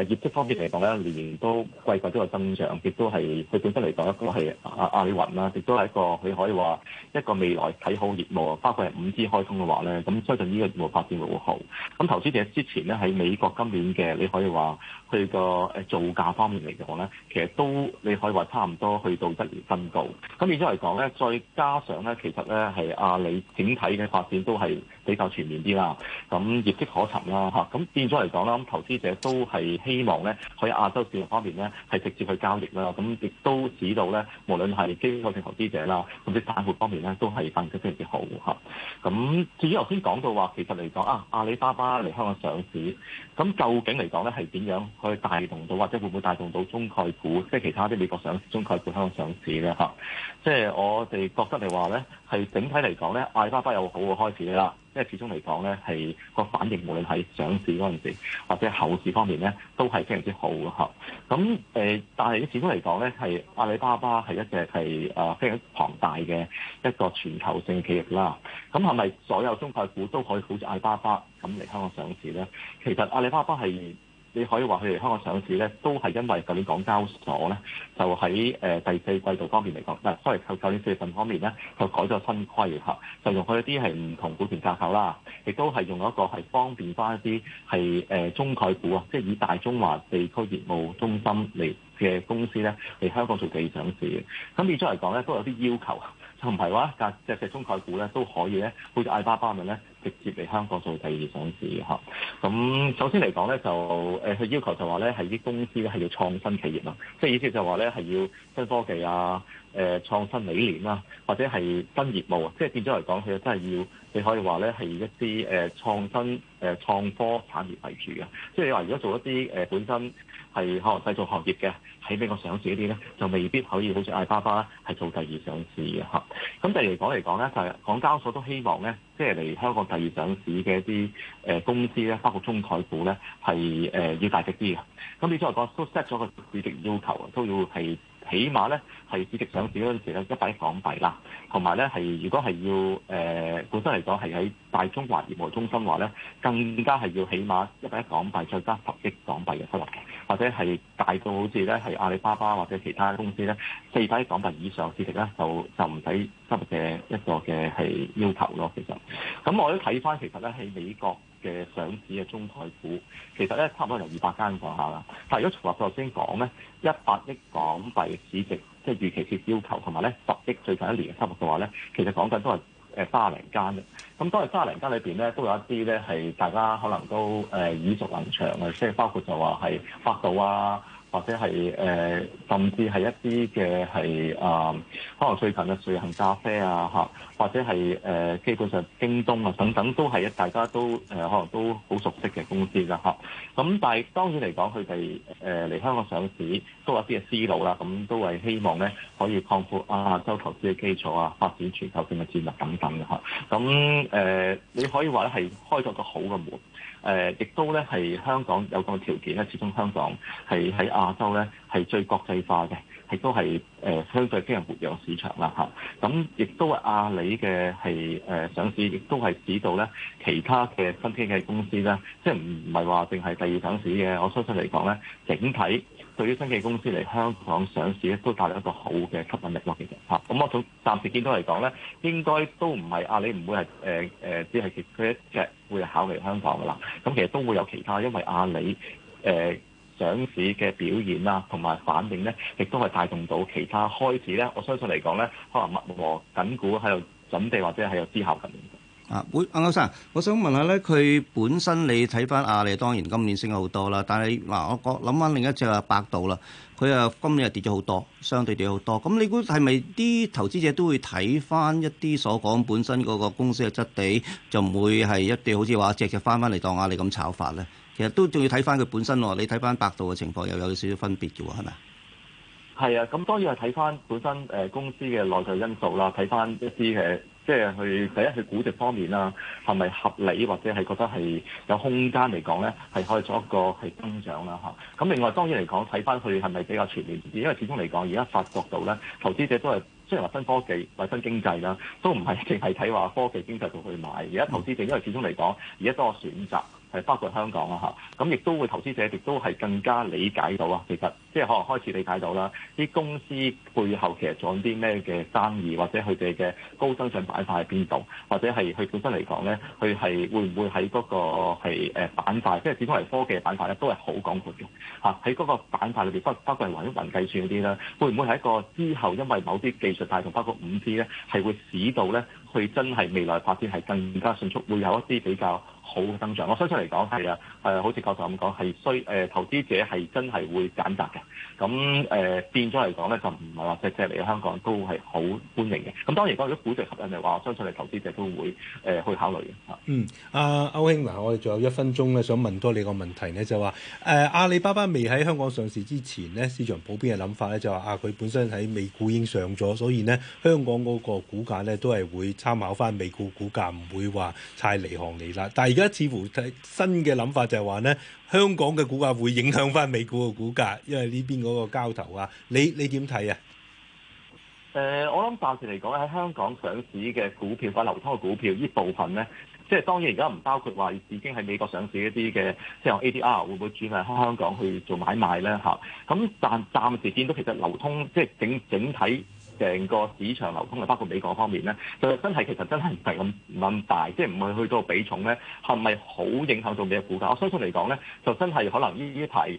誒業績方面嚟講咧，年年都季季都有增長，亦都係佢本身嚟講一個係阿里雲啦，亦都係一個你可以話一個未來睇好業務，包括係五 G 開通嘅話咧，咁相信呢個業務發展會好好。咁投資者之前咧喺美國今年嘅，你可以話佢個誒造價方面嚟講咧，其實都你可以話差唔多去到一年新高。咁而且嚟講咧，再加上咧，其實咧係阿里整體嘅發展都係。比較全面啲啦，咁業績可尋啦嚇，咁變咗嚟講啦，咁投資者都係希望咧，去亞洲市場方面咧係直接去交易啦，咁亦都指到咧，無論係基金嗰啲投資者啦，咁啲大盤方面咧都係反應得非常之好嚇。咁至於頭先講到話，其實嚟講啊，阿里巴巴嚟香港上市。咁究竟嚟講咧，係點樣去帶動到，或者會唔會帶動到中概股，即係其他啲美國上市中概股香港上市咧？嚇，即係我哋覺得嚟話咧，係整體嚟講咧，阿里巴巴有好嘅開始啦。因為始終嚟講咧，係個反應無論係上市嗰陣時，或者後市方面咧，都係非常之好嘅嚇。咁、嗯、誒，但係你始終嚟講咧，係阿里巴巴係一隻係誒非常之龐大嘅一個全球性企業啦。咁係咪所有中概股都可以好似阿里巴巴？咁嚟香港上市咧，其實阿里巴巴係你可以話佢嚟香港上市咧，都係因為舊年港交所咧就喺誒、呃、第四季度方面嚟講，嗱，因為舊舊年四月份方面咧就改咗新規嚇，就用佢一啲係唔同股權架構啦，亦都係用一個係方便翻一啲係誒中概股啊，即係以大中華地區業務中心嚟嘅公司咧嚟香港做第二上市。咁變咗嚟講咧都有啲要求同埋話，但隻隻中概股咧都可以咧，好似阿里巴巴咁咧，直接嚟香港做第二上市嘅咁、嗯、首先嚟講咧，就誒佢、呃、要求就話咧，係啲公司咧係要創新企業啊，即係意思就話咧係要新科技啊，誒、呃、創新理念啊，或者係新業務，即係變咗嚟講，佢真係要你可以話咧係一啲誒創新誒、呃、創科產業為主嘅。即係你話如果做一啲誒本身。係可能製造行業嘅喺美國上市嗰啲咧，就未必可以好似阿里巴巴啦，係做第二上市嘅嚇。咁第二嚟講嚟講咧，就係、是、港交所都希望咧，即係嚟香港第二上市嘅一啲誒公司咧，包括中概股咧，係誒、呃、要大隻啲嘅。咁你再講都 set 咗個市值要求啊，都要係。起碼咧係市值上市嗰陣時咧一百億港幣啦，同埋咧係如果係要誒本身嚟講係喺大中華業務中心話咧，更加係要起碼一百億港幣再加十億港幣嘅收入，或者係大到好似咧係阿里巴巴或者其他公司咧四百億港幣以上市值咧，就就唔使收入嘅一個嘅係要求咯。其實咁我都睇翻其實咧喺美國。嘅上市嘅中概股，其實咧差唔多有二百間講下啦。但係如果從話頭先講咧，一百億港幣嘅市值，即係預期接要求，同埋咧十億最近一年嘅收入嘅話咧，其實講緊都係誒三零間嘅。咁當然三零間裏邊咧都有一啲咧係大家可能都誒耳熟能詳嘅，即係包括就話係百度啊。或者係誒、呃，甚至係一啲嘅係啊，可能、呃、最近嘅瑞幸咖啡啊嚇，或者係誒、呃、基本上京東啊等等，都係大家都誒、呃、可能都好熟悉嘅公司啦嚇。咁、啊、但係當然嚟講，佢哋誒嚟香港上市都有啲嘅思路啦，咁、啊、都係希望咧可以擴闊亞洲投資嘅基礎啊，發展全球性嘅戰略等等嘅嚇。咁誒，你可以話咧係開咗個好嘅門。誒，亦、呃、都咧係香港有個條件咧，始終香港係喺亞洲咧係最國際化嘅，亦都係誒、呃、相對非常活躍市場啦嚇。咁、啊、亦都係阿里嘅係誒上市，亦都係指導咧其他嘅新科嘅公司咧，即係唔係話淨係第二上市嘅。我相信嚟講咧，整體。對於新嘅公司嚟香港上市咧，都帶嚟一個好嘅吸引力咯。其實，吓咁我總暫時見到嚟講咧，應該都唔係阿里唔會係誒誒，只係佢一隻會考慮香港噶啦。咁其實都會有其他，因為阿里誒、呃、上市嘅表現啊，同埋反應咧，亦都係帶動到其他開始咧。我相信嚟講咧，可能物和緊股喺度準備或者喺度思考緊。啊，會、嗯，歐生，我想問下咧，佢本身你睇翻阿里，當然今年升好多啦。但係嗱、啊，我諗翻另一隻啊，百度啦，佢又今年又跌咗好多，相對跌咗好多。咁你估係咪啲投資者都會睇翻一啲所講本身嗰個公司嘅質地，就唔會係一定好似話隻隻翻翻嚟當阿里咁炒法咧？其實都仲要睇翻佢本身喎。你睇翻百度嘅情況又有少少分別嘅喎，係咪啊？係啊，咁當然係睇翻本身誒公司嘅內在因素啦，睇翻一啲嘅。即係去第一去估值方面啦，係咪合理或者係覺得係有空間嚟講咧，係可以做一個係增長啦嚇。咁另外當然嚟講，睇翻佢係咪比較全面啲，因為始終嚟講而家發覺到咧，投資者都係雖然話新科技或新經濟啦，都唔係淨係睇話科技經濟度去買。而家投資者因為始終嚟講，而家多選擇。係包括香港啊嚇，咁亦都會投資者亦都係更加理解到啊，其實即係可能開始理解到啦，啲公司背後其實做緊啲咩嘅生意，或者佢哋嘅高增長板塊喺邊度，或者係佢本身嚟講咧，佢係會唔會喺嗰個係誒板塊，即係始終係科技嘅板塊咧，都係好廣闊嘅嚇。喺嗰個板塊裏邊，不包括雲計算嗰啲啦，會唔會係一個之後因為某啲技術帶動，包括五 G 咧，係會使到咧，佢真係未來發展係更加迅速，會有一啲比較好嘅增長，我相信嚟講係啊，係好似教授咁講，係需誒投資者係真係會揀擇嘅。咁誒變咗嚟講咧，就唔係話隻隻嚟香港都係好歡迎嘅。咁當然講，如果估值吸引嘅話，我相信你投資者都會誒去考慮嘅。嗯，阿歐兄，我哋仲有一分鐘咧，想問多你個問題呢，就話誒阿里巴巴未喺香港上市之前呢，市場普遍嘅諗法咧就話啊，佢本身喺美股已經上咗，所以呢，香港嗰個股價咧都係會參考翻美股股價，唔會話太離行嚟啦。但而家似乎新嘅諗法就係話咧，香港嘅股價會影響翻美股嘅股價，因為呢邊嗰個交投啊，你你點睇啊？誒、呃，我諗暫時嚟講喺香港上市嘅股票或者流通嘅股票呢部分咧，即係當然而家唔包括話已經喺美國上市一啲嘅即係用 ADR，會唔會轉嚟香港去做買賣咧？吓、啊，咁暫暫時見到其實流通即係整整體。成個市場流通啊，包括美國方面咧，就真係其實真係唔係咁咁大，即係唔係去到比重咧，係咪好影響到你嘅股價？我相信嚟講咧，就真係可能呢呢排誒，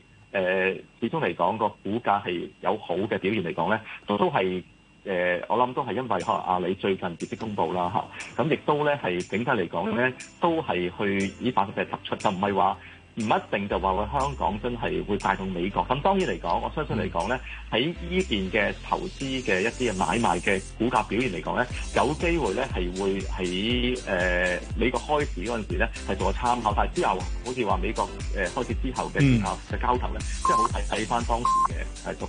始終嚟講個股價係有好嘅表現嚟講咧，都係誒、呃，我諗都係因為嚇阿里最近業績公布啦嚇，咁、啊、亦都咧係整體嚟講咧，都係去呢八隻突出，就唔係話。唔一定就話我香港真係會帶動美國，咁當然嚟講，我相信嚟講咧，喺呢邊嘅投資嘅一啲嘅買賣嘅股價表現嚟講咧，有機會咧係會喺誒、呃、美國開市嗰陣時咧係做個參考，但係之後好似話美國誒、呃、開始之後嘅時候嘅交投咧，即係好睇。睇翻當時嘅係。呃